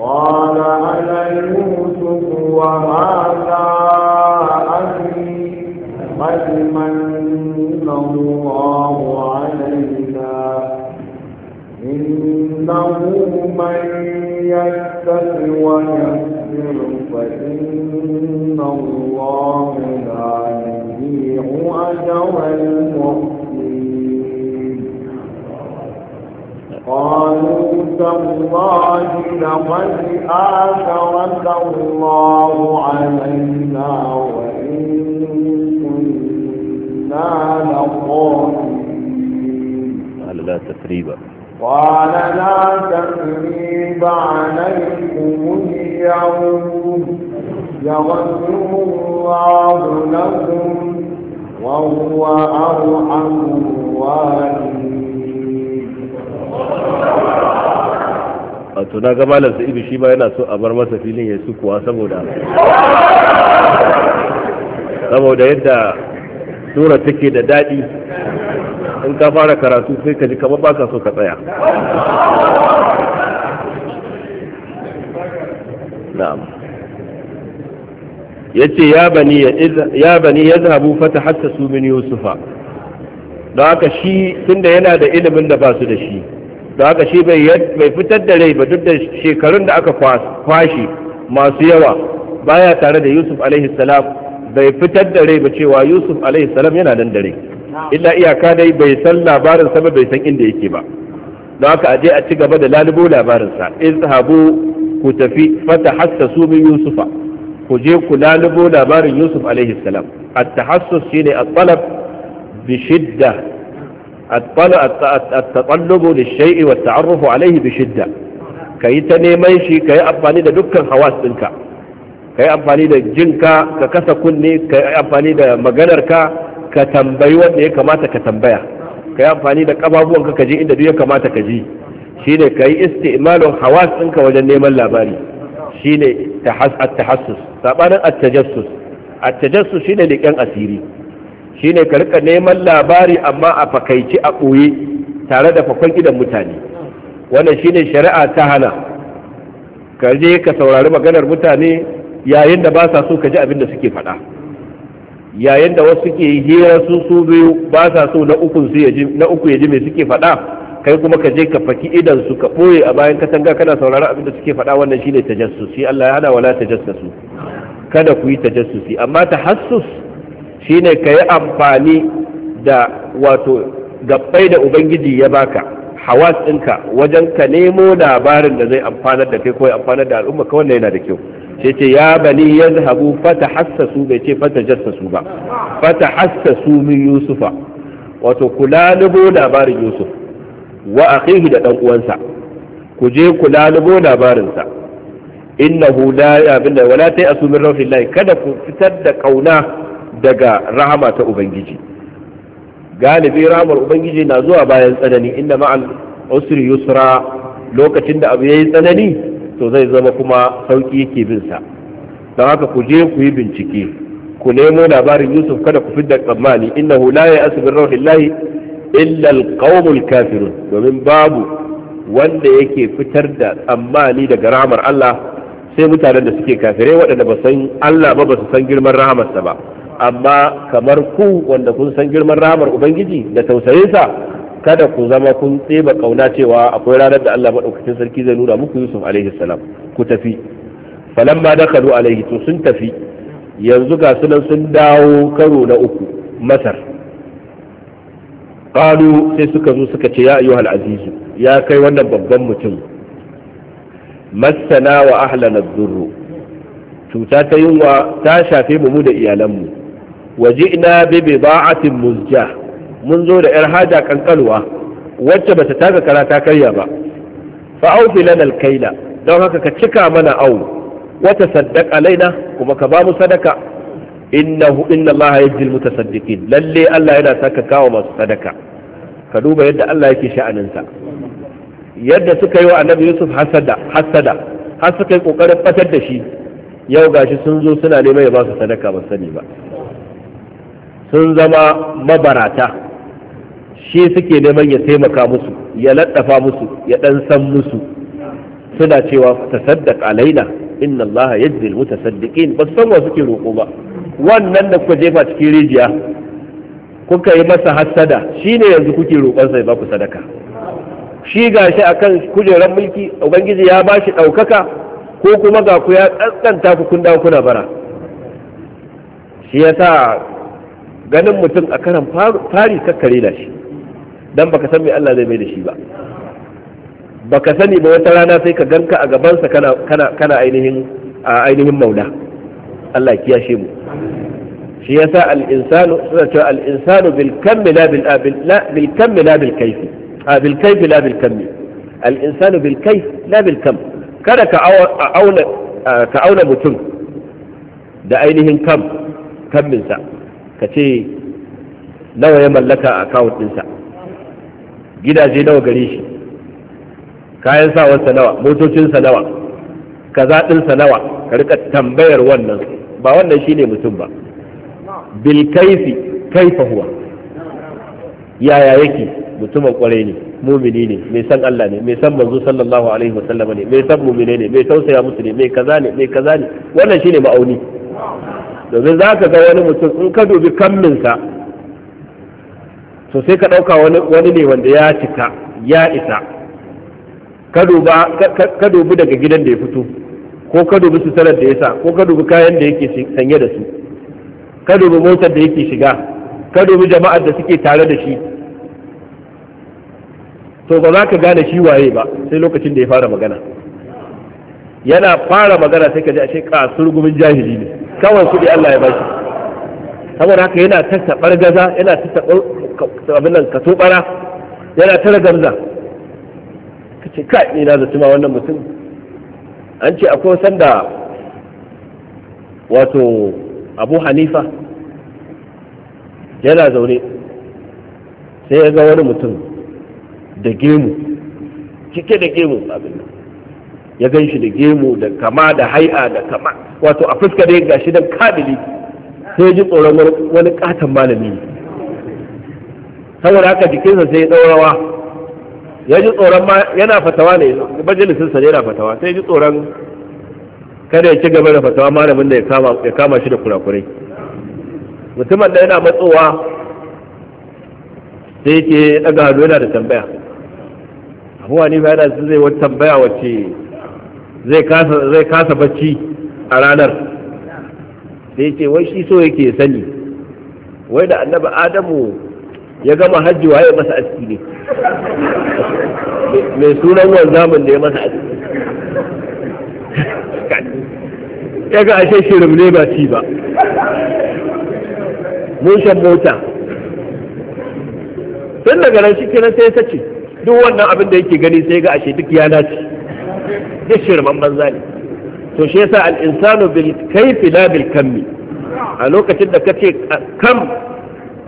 قال أنا يوسف وهذا أخي قد من الله إنه من يتق ويسر فإن الله لا يضيع أجر المحسنين قالوا تالله لقد آثرك الله علينا وإن كنا لخاسرين لا تسريبا قال لا da عليكم اليوم يغفر الله لكم وهو أرحم الراحمين shi ba yana so a bar masa filin ya su kuwa saboda saboda yadda sura take da daɗi in ka fara karatu sai ka ji kamar baka so ka tsaya na'am yace ya bani ya bani hatta su min yusufa Da haka shi tunda yana da ilimin da ba su da shi Da haka shi bai fitar da rai ba duk da shekarun da aka kwashe masu yawa baya tare da yusuf alaihi salam bai fitar da rai ba cewa yusuf alaihi salam yana nan da rai illa iyaka dai bai san labarin sa ba bai san inda yake ba don haka aje a ci gaba da lalubo labarin sa izhabu ku tafi fatahassasu min yusufa ku je ku lalubo labarin yusuf alaihi salam at-tahassus shine at-talab bi shidda at-tatallubu shayi taarrufu alaihi bi shidda kai ta neman shi kai amfani da dukkan hawas ɗinka kai amfani da jinka ka kasa kunne kai amfani da maganar ka ka tambayi wanda ya kamata ka tambaya ka yi amfani da kababuwan ka je inda duk ya kamata ka ji ne ka yi istimalon hawas ɗinka wajen neman labari shine at-tahassus sabanin at-tajassus at-tajassus ne leƙen asiri Shi ne ka rika neman labari amma a fakaici a ɓoye tare da fakon idan mutane wannan ne shari'a ta hana ka je ka saurari maganar mutane yayin da ba sa so ka ji abin da suke faɗa yayin da wasu ke hira su su biyu ba sa so na uku su na uku ya ji me suke faɗa kai kuma ka je ka faki idan su ka boye a bayan katanga kana sauraron abin da suke faɗa wannan shine shi Allah ya hana wala tajassus kada ku yi tajassusi amma tahassus shine ka yi amfani da wato gabbai da ubangiji ya baka hawas ɗinka wajen ka nemo labarin da zai amfanar da kai ko ya amfanar da al'umma ka wannan yana da kyau sai ce ya bani ya zahabu fata hassasu bai ce fata jassasu ba fata hassasu min yusufa wato kula lubo labarin yusuf wa akhihi da ɗan uwansa ku je kula lubo labarinsa innahu la abinda wala ta yi asu min rauhillahi kada ku fitar da kauna daga rahama ta ubangiji galibi rahamar ubangiji na zuwa bayan tsanani inna ma'al usri yusra lokacin da abu ya yi tsanani to zai zama kuma sauki yake binsa sa don haka ku je ku yi bincike ku nemo labarin yusuf kada ku fidda tsammani innahu la ya'asu min rauhillahi illa alqaumul kafirun domin babu wanda yake fitar da tsammani daga rahmar Allah sai mutanen da suke kafirai waɗanda ba san Allah ba ba su san girman rahamarsa ba amma kamar ku wanda kun san girman rahamar ubangiji da tausayinsa kada ku zama kun tseba kauna cewa akwai ranar da Allah madaukakin sarki zai nuna muku Yusuf alaihi salam ku tafi falamma dakalu alaihi to sun tafi yanzu ga sunan sun dawo karo na uku masar qalu sai suka zo suka ce ya ayyuhal azizu ya kai wannan babban mutum massana wa ahlana dhurru cuta ta yunwa ta shafe mu mu da iyalanmu waje ina bi bida'atin muzja mun zo da yar haja kankalwa wacce bata taka karata karya ba fa aufi lana alkaila don haka ka cika mana au wata saddaka laina kuma ka ba mu sadaka innahu inna Allah yajzi almutasaddiqin lalle Allah yana saka kawo masu sadaka ka duba yadda Allah yake sha'aninsa yadda suka yi wa annabi Yusuf hasada hasada har suka yi kokarin batar da shi yau gashi sun zo suna neman ya ba su sadaka ba sani ba sun zama mabarata shi suke neman ya taimaka musu ya laddafa musu ya dan san musu suna cewa tasaddaq alaina inna allaha yajzi almutasaddiqin ba san wa suke roko ba wannan da kuka jefa cikin rijiya kuka yi masa hassada shine yanzu kuke roƙon sai ba ku sadaka shi gashi akan kujerar mulki ubangiji ya ba shi ɗaukaka ko kuma ga ku ya kaskanta ku kun dawo kuna bara shi yasa ganin mutum a karan fari kakkare da shi dan baka san me Allah zai mai da shi ba baka sani ba wata rana sai ka ganka a gabansa kana kana kana ainihin a ainihin maula Allah ya kiyashe mu shi yasa al-insanu suna cewa al-insanu bil kammi la bil bil kammi la bil kayfi a bil kayfi la bil kammi al-insanu bil kayf la bil kam kada ka auna ka auna mutum da ainihin kam kamminsa ka ce nawa ya mallaka a account ɗinsa gidaje nawa gare shi kayan sawarsa nawa motocinsa nawa kaza ɗinsa nawa ka rika tambayar wannan ba wannan shine mutum ba bil kaifi kaifa huwa yaya yake mutumin kwarai ne mumini ne mai san Allah ne mai san manzo sallallahu alaihi wasallam ne mai san mumini ne mai tausaya musu ne mai kaza ne mai kaza ne wannan shine ma'auni domin za ka ga wani mutum in ka dubi kamminsa so sai ka ɗauka wani ne wanda ya cika ya isa ka dubi daga gidan da ya fito ko ka dubi suturar da ya sa ko ka dubi kayan da yake sanye da su ka dubi motar da yake shiga ka dubi jama'ar da suke tare da shi to ba za ka gane shi waye ba sai lokacin da ya fara magana yana fara magana sai ka ji ashe kasur gumin jahili ne kawai kuɗi Allah ya bashi saboda haka yana tattaɓar gaza yana tattaɓar. abin nan ka tobara yana tara garza ka ce kai ni na zaci wannan mutum an ce akwai sanda wato abu hanifa yana zaune sai ya ga wani mutum da gemu cike da gemu abin nan ya gan shi da gemu da kama da hai'a da kama wato a fuska da ya gashi don kabili sai ya ji tsoron wani katon malami ne saboda haka jikinsa sai ya ɗaurawa ya ji tsoron ma yana fatawa ne sa ne yana fatawa sai ji tsoron kada ya ci gaba da fatawa malamin da ya kama shi da kurakurai mutumin da yana matsowa sai yake daga hannu yana da tambaya abuwa ne ba yana su zai wata tambaya wacce zai kasa bacci a ranar sai yake wai shi so yake sani wai da annaba adamu ya gama hajji waye masa aski ne mai sunan wanzamin da ya masa aski ya ga ashe shirin ne ba ci ba mun shan mota tun daga nan shi sai ta ce duk wannan abin da yake gani sai ga ashe duk ya dace duk shirman banza ne to shi yasa al-insanu bil kayfi la bil kammi a lokacin da kace kam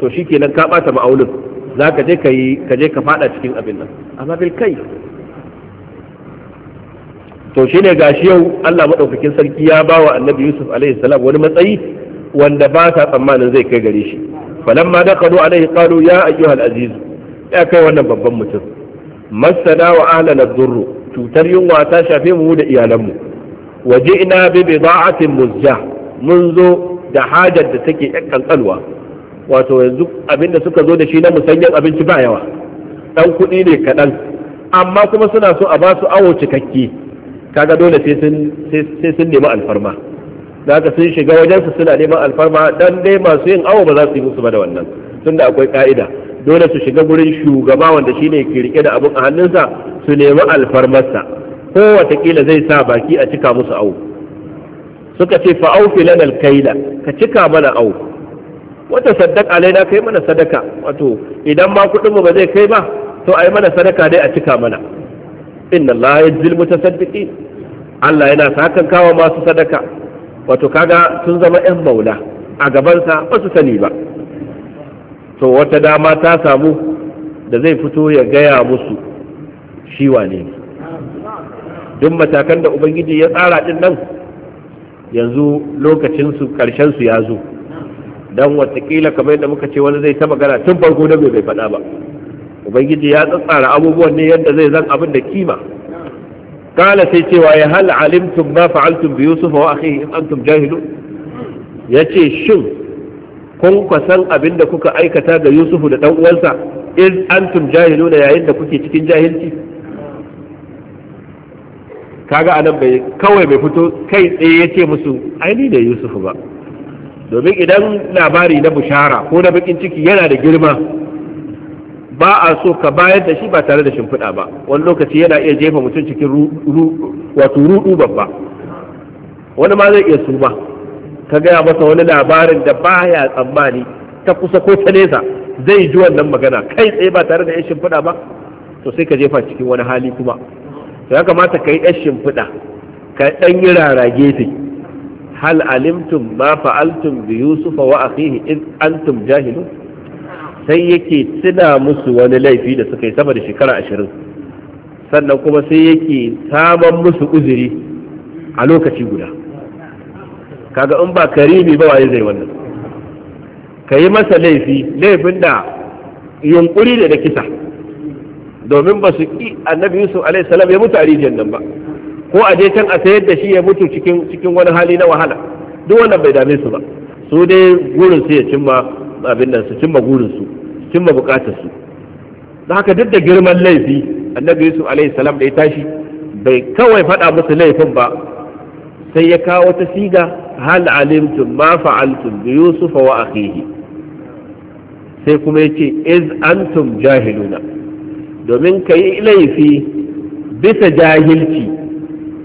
to shi kenan ka bata ma'aunin za ka je ka yi ka je ka cikin abin nan amma bil kai to shi ne gashi yau Allah maɗaukakin sarki ya ba wa annabi Yusuf alaihi salam wani matsayi wanda ba ta tsammanin zai kai gare shi falamma dakalu alaihi qalu ya ayyuhal aziz ya kai wannan babban mutum masana wa ahlana dhurru cutar yunwa ta shafe mu da iyalanmu waje ina bi bida'atin muzja mun zo da hajar da take yan kankalwa wato yanzu abinda suka zo da shi na musanyen abinci ba yawa dan kuɗi ne kaɗan amma kuma suna so a ba su awo cikakke kaga dole sai sun nemi alfarma da haka sun shiga wajensu suna neman alfarma dan dai masu yin awo ba za su yi musu ba da wannan tunda akwai ka'ida dole su shiga gurin shugaba wanda shine ke rike da abun a hannunsa su nemi alfarmarsa ko watakila zai sa baki a cika musu awo suka ce fa aufi lana alkaila ka cika mana awo wata sadaka na kai mana sadaka wato idan ma kuɗin mu ba zai kai ba to ai mana sadaka dai a cika mana inna Allah ta mutasaddiqin Allah yana sakan kawo masu sadaka wato kaga sun zama yan maula a gabansa ba su sani ba to wata dama ta samu da zai fito ya gaya musu shi wane ne duk matakan da ubangiji ya tsara din nan yanzu lokacinsu su ya zo dan watakila kamar yadda muka ce wani zai ta magana tun farko da bai faɗa ba ubangiji ya tsatsara abubuwan ne yadda zai zan abin da kima kala sai cewa ya hal alimtum ma fa'altum bi yusuf wa akhihi in antum jahilun yace shin kun san abin da kuka aikata ga yusuf da dan uwansa in antum jahiluna yayin da kuke cikin jahilci kaga anan bai kawai bai fito kai tsaye yace musu ai ni da yusuf ba domin idan labari na bushara ko na bakin ciki yana da girma ba a so ka bayar da shi ba tare da shimfiɗa ba wani lokaci yana iya jefa mutum cikin wato rudu babba wani ma zai iya ba ka gaya masa wani labarin da baya tsammani ta kusa ko ta nesa zai ji wannan magana kai tsaye ba tare da yan shimfiɗa ba to sai ka jefa cikin wani hali kuma to ya kamata ka yi yan shimfiɗa ka ɗan yi rarage ta hal alimtum ma fa'altum bi yusuf wa akhihi in antum jahilun sai yake tuna musu wani laifi da suka yi sama da shekara ashirin sannan kuma sai yake saman musu uzuri a lokaci guda kaga in ba karimi ba waye zai wannan ka yi masa laifi laifin da yunkuri da na kisa domin ba su ki annabi yusuf alaihi salam ya mutu a rijiyar nan ba ko a je can a sayar da shi ya mutu cikin cikin wani hali na wahala duk wannan bai dame su ba su dai gurin su ya cimma abin nan su cimma gurin su cimma bukatar su da haka duk da girman laifi annabi yusuf alaihi salam da ya tashi bai kawai faɗa musu laifin ba sai ya kawo wata siga hal alimtum ma fa'altum bi yusuf wa akhihi sai kuma yace iz antum jahiluna domin kai laifi bisa jahilci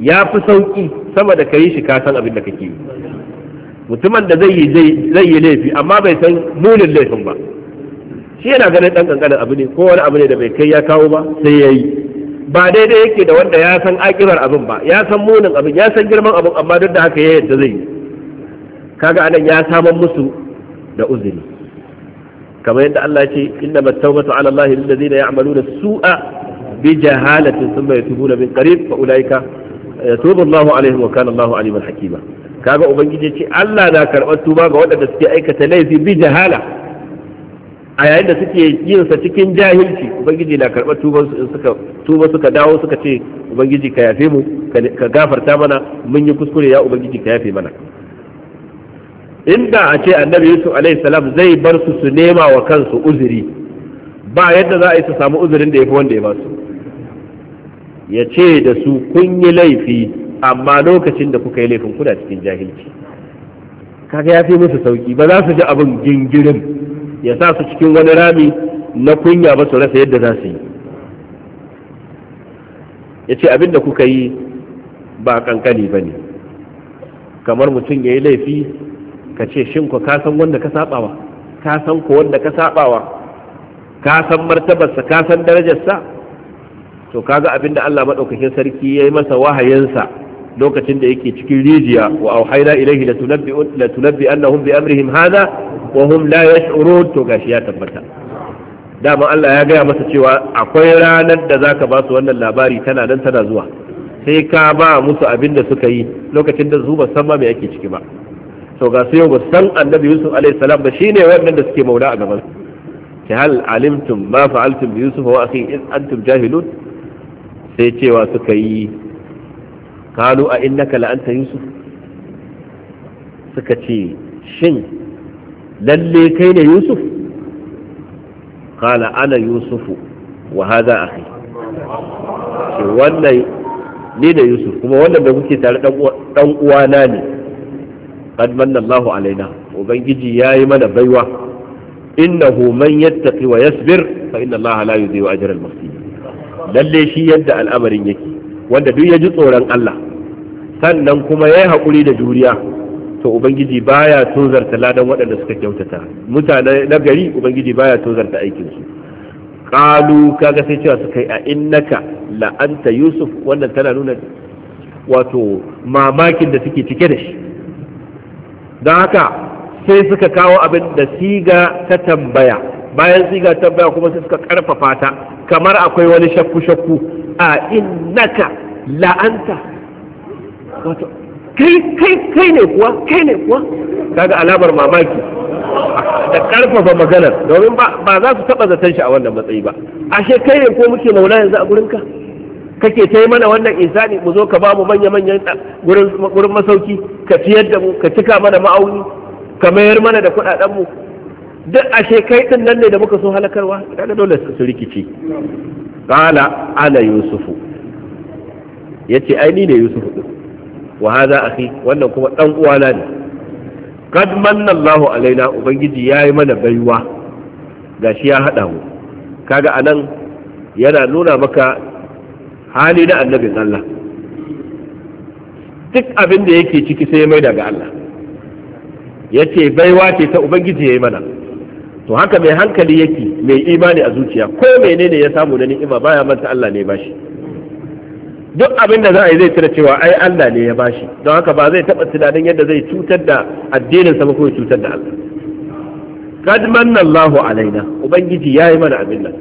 ya fi sauki sama da ka yi shi ka abin da kake yi mutumin da zai yi laifi amma bai san munin laifin ba shi yana ganin dan kankanin abu ne ko wani abu ne da bai kai ya kawo ba sai ya yi ba daidai yake da wanda ya san akirar abin ba ya san munin abin ya san girman abin amma duk da haka ya yadda zai yi kaga anan ya saman musu da uzuri kamar yadda Allah ya ce inna mattawbatu ala allahi lil ladina ya'maluna su'a bi jahalatin thumma yatubuna min qarib fa ulaika yatubu Allahu alaihim wa kana Allahu aliman hakima kaga ubangiji ce Allah na karbar tuba ga waɗanda suke aikata laifi bi jahala a yayin da suke yin sa cikin jahilci ubangiji na karbar tuba su suka tuba suka dawo suka ce ubangiji ka yafe mu ka gafarta mana mun yi kuskure ya ubangiji ka yafe mana inda a ce annabi yusuf alaihi salam zai bar su su nema wa kansu uzuri ba yadda za a yi su samu uzurin da ya fi wanda ya ba su ya ce da su kun yi laifi amma lokacin da kuka yi laifin kuna cikin jahilci kaga ya fi musu sauki ba za su ji abin gingirin ya sa su cikin wani rami na kunya ba su rasa yadda za su yi ya ce abin da kuka yi ba kankani ba ne kamar mutum ya yi laifi ka ce shin ka kasan wanda ka sabawa ka san ko wanda ka sabawa ka san martabarsa ka san darajarsa to kaga abinda Allah madaukakin sarki yayi masa wahayinsa lokacin da yake cikin rijiya wa auhayna ilayhi la tunabbi annahum bi amrihim hada wa hum la yash'urun to gashi ya tabbata dama Allah ya gaya masa cewa akwai ranar da zaka ba su wannan labari tana nan tana zuwa sai ka ba musu abin da suka yi lokacin da zuba san ma me yake ciki ba to ga su ba san annabi yusuf alaihi salam ba shine wannan da suke maula a gaban hal alimtum ma fa'altum bi yusuf wa akhi in antum jahilun sai cewa suka yi kalu a inna la'anta yusuf suka ce shin lalle kai ne yusuf kala ana yusufu wa haza akhi ce wannan ni da yusuf kuma wannan da kuke tare dan uwana ne qad manna Allahu alaina ubangiji yayi mana baiwa innahu man yattaqi wa yasbir fa inna Allah la yudhi'u ajra al-muhsinin lalle shi yadda al'amarin yake wanda duk ya ji tsoron Allah sannan kuma ya yi haƙuri da juriya to ubangiji baya tozarta ladan waɗanda suka kyautata mutane na gari ubangiji baya tozarta aikinsu ƙalu kaga sai cewa suka yi a innaka la'anta yusuf wannan tana nuna wato mamakin da suke cike da shi don haka sai suka kawo abin da siga ta tambaya bayan siga tambaya kuma sai suka karfafa ta kamar akwai wani shakku shakku a innaka la'anta wato kai kai kai ne kuwa kai ne kuwa kaga alamar mamaki da karfafa maganar domin ba za su taba zaton shi a wannan matsayi ba ashe kai ne ko muke maula yanzu a gurinka kake ta yi mana wannan isani mu zo ka ba mu manya manyan gurin masauki ka fiyar da mu ka cika mana ma'auni ka mayar mana da kudaden mu duk a kai din nan ne da muka so halakarwa daga dole su rikici qala ana yusufu yace ai ni ne yusufu din wa hadha akhi wannan kuma dan uwana ne kad manna Allahu alaina ubangiji yayi mana baiwa gashi ya hada mu kaga anan yana nuna maka hali na annabin Allah duk abin da yake ciki sai mai daga Allah yace baiwa ce ta ubangiji yayi mana to haka mai hankali yake mai imani a zuciya ko menene ya samu na ni'ima baya manta Allah ne ya bashi duk abin da za a yi zai tuna cewa ai Allah ne ya bashi don haka ba zai taɓa tunanin yadda zai cutar da addinin sa ko ya cutar da Allah kad manna Allahu alaina ubangiji yayi mana abin nan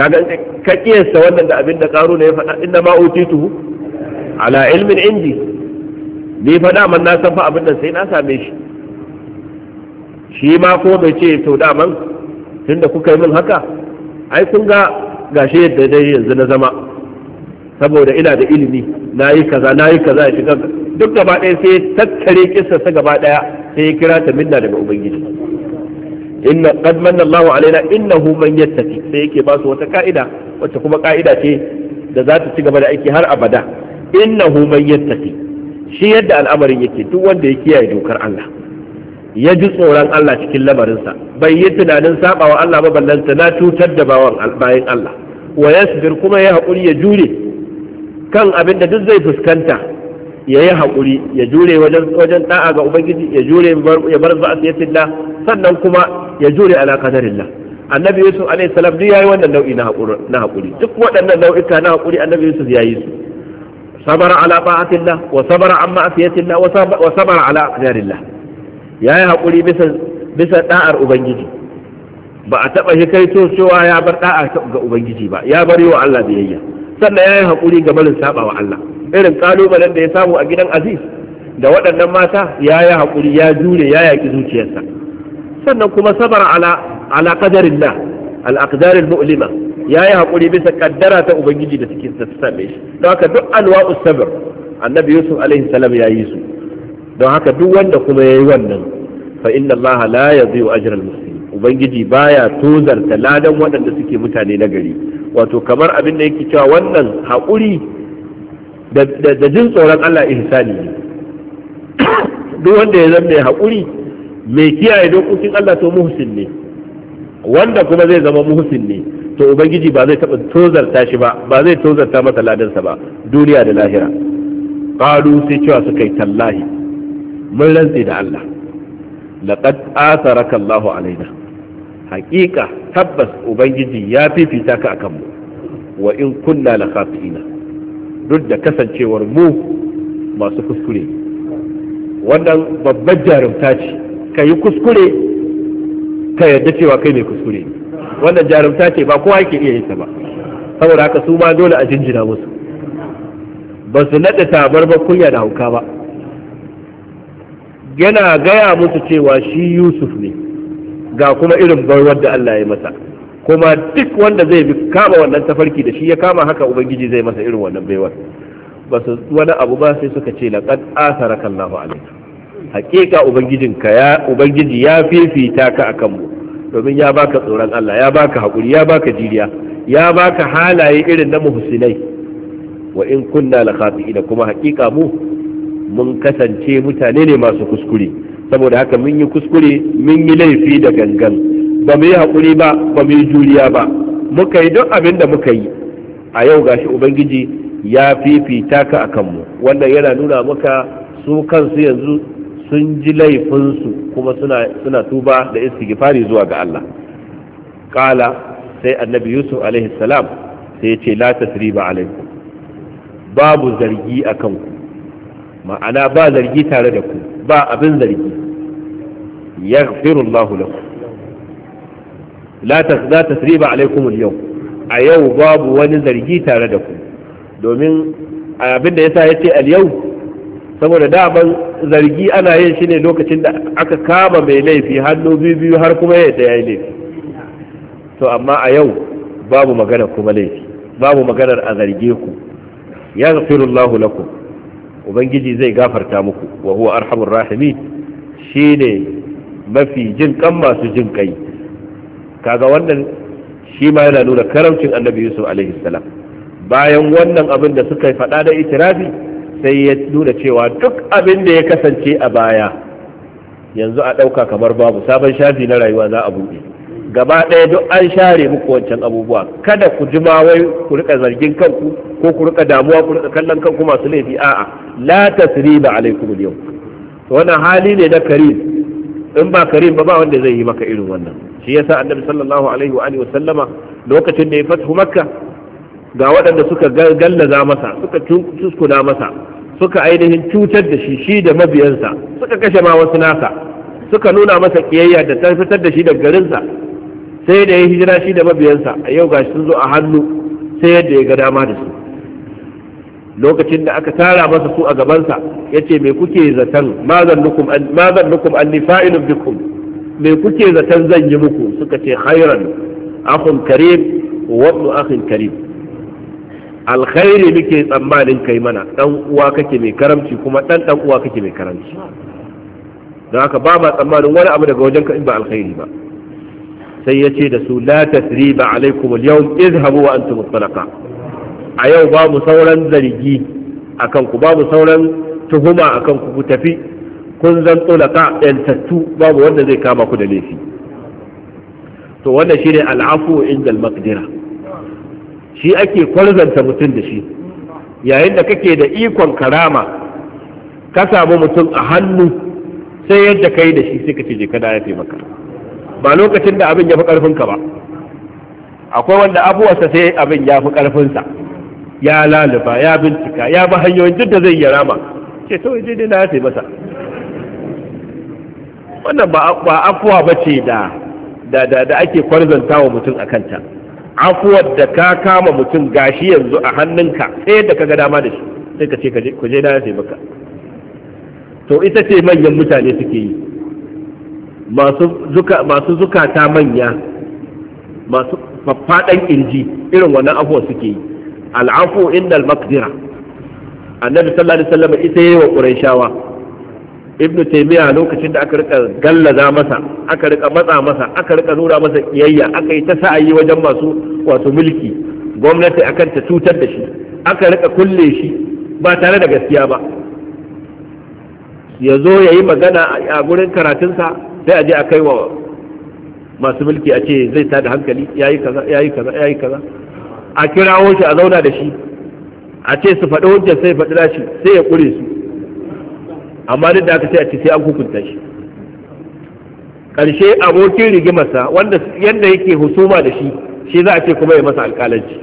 kaga ka kiyasta wannan da abin da karu ne ya faɗa inna ma utituhu ala ilmin indi ni faɗa man na san fa abin nan sai na same shi shi ma ko bai ce to daman tunda kuka yi min haka ai kun ga gashi yadda dai yanzu na zama saboda ina da ilimi na yi kaza na yi kaza ya shiga duk gaba ɗaya sai tattare sa gaba ɗaya sai ya kira ta minna daga ubangiji inna qad manna Allahu alaina innahu man yattaqi sai yake ba su wata ka'ida wacce kuma ka'ida ce da za ta ci gaba da aiki har abada innahu man yattaqi shi yadda al'amarin yake duk wanda ya kiyaye dokar Allah ya ji tsoron Allah cikin lamarinsa bai yi tunanin sabawa Allah ba ballanta na cutar da bawan bayan Allah wa yasbir kuma ya haƙuri ya jure kan abin da duk zai fuskanta ya yi haƙuri ya jure wajen wajen da'a ga ubangiji ya jure ya bar za'a yatillah sannan kuma ya jure ala qadarillah annabi yusuf alaihi salam duk yayi wannan nau'i na haƙuri na haƙuri duk waɗannan nau'ika na haƙuri annabi yusuf yayi su sabara ala ta'atillah wa sabara amma asiyatillah wa sabara ala qadarillah ya yi haƙuri bisa ɗa'ar ubangiji ba a taɓa hikaito cewa ya bar ɗa'a ga ubangiji ba ya bari wa Allah biyayya sannan ya yi haƙuri ga barin saba wa Allah irin ƙalubalen da ya samu a gidan aziz da waɗannan mata ya yi haƙuri ya jure ya yaƙi zuciyarsa sannan kuma sabar ala ala qadarin da al mu'ulima ya yi haƙuri bisa ƙaddara ta ubangiji da take same shi don haka duk alwa'u sabr annabi yusuf alaihi salam ya yi su don haka duk wanda kuma yayi wannan fa inna allaha la yadhi'u ajral ubangiji baya tozarta ladan waɗanda suke mutane na gari wato kamar abin da yake cewa wannan haƙuri da jin tsoron Allah ihsani ne *coughs* duk wanda ya zama mai haƙuri mai kiyaye dokokin Allah to muhsin ne wanda kuma zai zama muhsin ne to ubangiji ba zai taɓa tozarta shi ba ba zai tozarta masa ladansa ba duniya da lahira qalu sai cewa suka yi tallahi mun rantse da Allah laqad atharaka Allahu alaina haqiqa tabbas ubangiji ya fifita ka akan mu wa in kunna la khati'ina duk da kasancewar mu masu kuskure wannan babbar jarumta ce ka yi kuskure ka yarda cewa kai mai kuskure wannan jarumta ce ba kowa yake iya yin ta ba saboda haka su ma dole a jinjina musu ba su naɗa tabar ba kunya da hauka ba yana gaya musu cewa shi yusuf ne ga kuma irin baiwar da allah ya masa kuma duk wanda zai bi kama wannan tafarki da shi ya kama haka ubangiji zai masa irin wannan baiwar ba su wani abu ba sai suka ce laqad asara kallahu alaihi hakika ubangijinka ya ubangiji ya fifita ka akan mu domin ya baka tsoron Allah ya baka hakuri ya baka jiriya ya baka halaye irin na muhsinai wa in kunna la khati'ina kuma hakika mu mun kasance mutane ne masu kuskure saboda haka mun yi kuskure mun yi laifi da gangan ba mu yi haƙuri ba ba mu yi juriya ba muka yi don abin da muka yi a yau gashi ubangiji ya fifita ka a kanmu wannan yana nuna maka su kansu yanzu sun ji laifinsu kuma suna suna tuba da istighfari zuwa ga Allah Ƙala sai annabi yusuf alaihi salam sai ya ce la tasriba alaikum babu zargi a kanku ma'ana ba zargi tare da ku ba abin zargi yaghfirullahu lakum la tasda tasriba alaikum al yau a yau babu wani zargi tare da ku domin abin da yasa yace al-yawm saboda daman zargi ana yin shi ne lokacin da aka kama mai laifi hannu biyu biyu har kuma ya yi laifi to amma a yau babu magana kuma laifi babu maganar a zarge ku yaghfirullahu lakum ubangiji zai gafarta muku wa huwa arhamur rahimi shine mafi jin kan masu jin kai kaga wannan shi ma yana nuna karamcin annabi yusuf alaihi salam bayan wannan abin da suka faɗa da itirafi sai ya nuna cewa duk abin da ya kasance a baya yanzu a ɗauka kamar babu sabon shafi na rayuwa za a buɗe gaba ɗaya duk an share muku wancan abubuwa kada ku ji wai ku rika zargin kanku ko ku rika damuwa ku rika kallon kanku masu laifi a'a la tasriba alaikum yau to wannan hali ne na karim in ba karim ba ba wanda zai yi maka irin wannan shi yasa annabi sallallahu alaihi wa sallama lokacin da ya fatu makka ga waɗanda suka gallaza masa suka cuskuna masa suka ainihin cutar da shi shi da mabiyansa suka kashe ma wasu nasa suka nuna masa kiyayya da ta fitar da shi daga garinsa sai da ya hijira shi da mabiyansa a yau gashi sun zo a hannu sai yadda ya ga dama da su lokacin da aka tara masa su a gabansa ya ce me kuke zaton ma zannukum anni fa'ilun bikum me kuke zaton zan yi muku suka ce khairan akhun karim wa ibnu akhin karim alkhairi muke tsammanin kai mana dan uwa kake mai karamci kuma dan dan uwa kake mai karamci don haka ba ma tsammanin wani abu daga wajen ka in ba alkhairi ba sai ya ce da su la tasriba alaikum al izhabu wa antum talaqa a yau babu sauran zargi akan ku babu sauran tuhuma akan ku ku tafi kun zan tsulaka yantattu babu wanda zai kama ku da laifi to shi ne al'afu inda al-maqdira shi ake kwarzanta mutum da shi yayin da kake da ikon karama ka samu mutum a hannu sai yadda kai da shi sai ka ce je ka da ya taimaka ba lokacin da abin ya fi ƙarfinka ba akwai wanda abuwarsa sai abin ya fi ƙarfinsa ya laluba ya bincika ya bi hanyoyin duk da zai yi rama ce to je na ya masa wannan ba afuwa ba ce da da da ake kwarzanta wa mutum a kanta afuwar da ka kama mutum gashi yanzu a hannunka sai da ka ga dama da shi sai ka ce ku je na ya maka to ita ce manyan mutane suke yi masu zukata manya masu faffaɗan ƙirji irin wannan afuwa suke yi al'afu inda al makdira annabi sallallahu alaihi wasallam ita yayi wa qurayshawa ibnu taymiya lokacin da aka rika gallaza masa aka rika matsa masa aka rika nura masa kiyayya aka yi ta sa'ayi wajen masu wato mulki gwamnati akan ta cutar da shi aka rika kulle shi ba tare da gaskiya ba ya zo ya yi magana a gurin karatunsa sai a je a kai wa masu mulki a ce zai ta da hankali ya yi kaza ya kaza kaza a kirawo shi a zauna da shi a ce su faɗi hujjar sai faɗi shi sai ya ƙure su amma duk da aka ce a ce sai an hukunta shi ƙarshe abokin rigimarsa wanda yadda yake husuma da shi shi za a ce kuma ya masa alƙalanci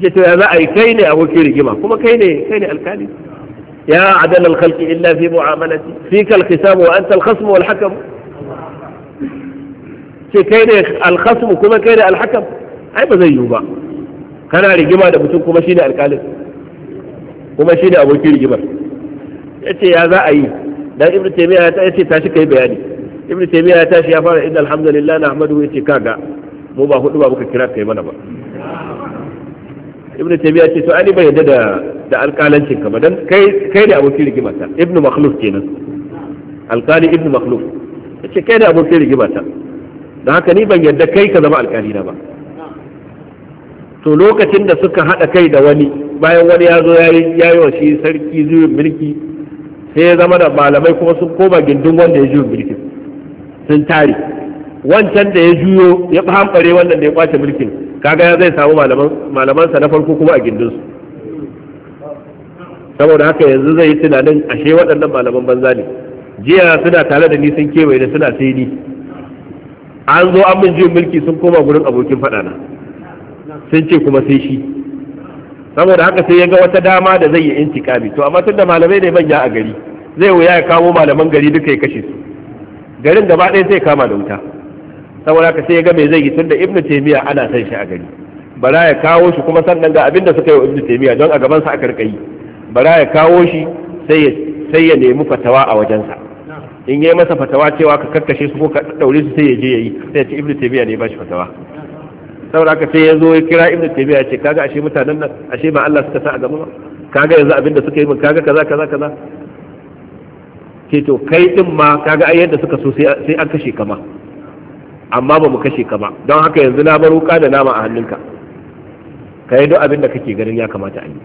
ya ce za a yi kai ne abokin rigima kuma kai ne kai ne alƙali ya adal al-khalqi illa fi mu'amalati fi kal khisam wa anta al khasmu wal hakam ce kai ne alkhasmu kuma kai ne alhakam ai ba zai yiwu ba kana rigima da mutum kuma shine alkalin kuma shine abokin rigimar yace ya za a yi dan ibnu taymiya ya tashi tashi kai bayani ibnu taymiya ya tashi ya fara inna alhamdulillah nahmaduhu yace kaga mu ba hudu ba muka kira kai mana ba ibnu taymiya ce to ani bai yadda da da alkalancin ka ba dan kai kai ne abokin rigimar ta ibnu makhluf kenan alkali ibnu makhluf yace kai ne abokin rigimar ta don haka ni ban yadda kai ka zama alkali na ba to lokacin da suka haɗa kai da wani bayan wani ya zo ya yi wa shi sarki zuwa mulki sai ya zama da malamai kuma sun koma gindin wanda ya juyin mulkin sun tare wancan da ya juyo ya hamɓare wannan da ya kwace mulkin kaga ya zai samu malamansa na farko kuma a gindinsu saboda haka yanzu zai yi tunanin ashe waɗannan malaman banza ne jiya suna tare da ni sun kewaye da suna sai ni an zo an min juyin mulki sun koma gurin abokin faɗana sun ce kuma sai shi saboda haka sai ya ga wata dama da zai yi intikami to amma tunda malamai ne manya a gari zai wuya ya kawo malaman gari duka ya kashe su garin gaba ɗaya zai kama da wuta saboda haka sai ya ga me zai yi tunda ibnu taymiya ana san shi a gari bara ya kawo shi kuma sannan ga abinda suka yi wa ibnu taymiya don a gaban sa aka rika yi bara ya kawo shi sai ya sai ya nemi fatawa a wajensa in yi masa fatawa cewa ka karkashe su ko ka daure su sai ya je yayi sai ya ce ibnu taymiya ne ba shi fatawa saboda haka sai ya zo ya kira ibnu taymiya ce kaga ashe mutanen nan ashe ba Allah suka sa a gaba ba kaga yanzu abinda suka yi min kaga kaza kaza kaza ke to kai din ma kaga ai yadda suka so sai an kashe kama amma ba mu kashe kama don haka yanzu na baro ka da nama a hannunka ka yi duk abin da kake ganin ya kamata a yi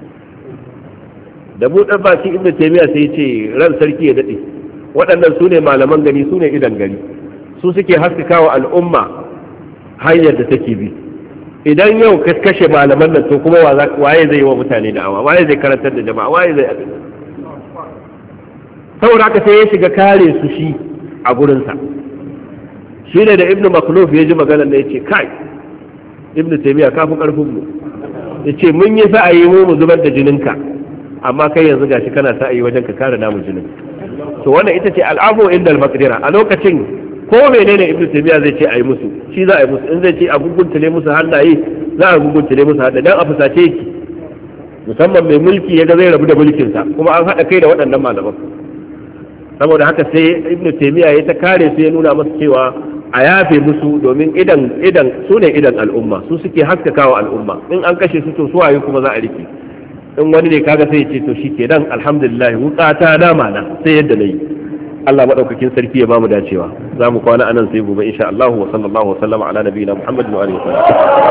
da buɗar baki ibnu taymiya sai ya ce ran sarki ya dade waɗannan su ne malaman gari su ne idan gari su suke wa al'umma hanyar da take bi idan yau ka kashe malaman nan to kuma waye zai yi wa mutane da'awa waye zai karantar da jama'a waye zai abin saboda haka sai ya shiga kare su shi a gurinsa shi ne da Ibn makhluf ya ji magana ne ya ce kai Ibn taymiya ka fi karfin mu ya ce mun yi sa'ayi mu zubar da jininka amma kai yanzu gashi kana sa'ayi wajen ka kare namu jinin to wannan ita ce al'afu inda al-maqdira a lokacin ko menene ibnu tabiya zai ce ayi musu shi za a yi musu in zai ce a guguntule musu hannaye za a guguntule musu hannaye dan a fusace ki musamman mai mulki ya ga zai rabu da mulkin sa kuma an haɗa kai da waɗannan malaman saboda haka sai ibnu tabiya ya ta kare su ya nuna musu cewa a yafe musu domin idan idan su ne idan al'umma su suke haskakawa al'umma in an kashe su to su waye kuma za a rike in wani ne kaga sai ya ce to shikenan alhamdulillah dama na sai yadda nayi Allah madaukakin sarki ya bamu dacewa za mu kwana anan sai gobe insha Allah wa sallallahu wa sallama ala nabiyina Muhammad wa alihi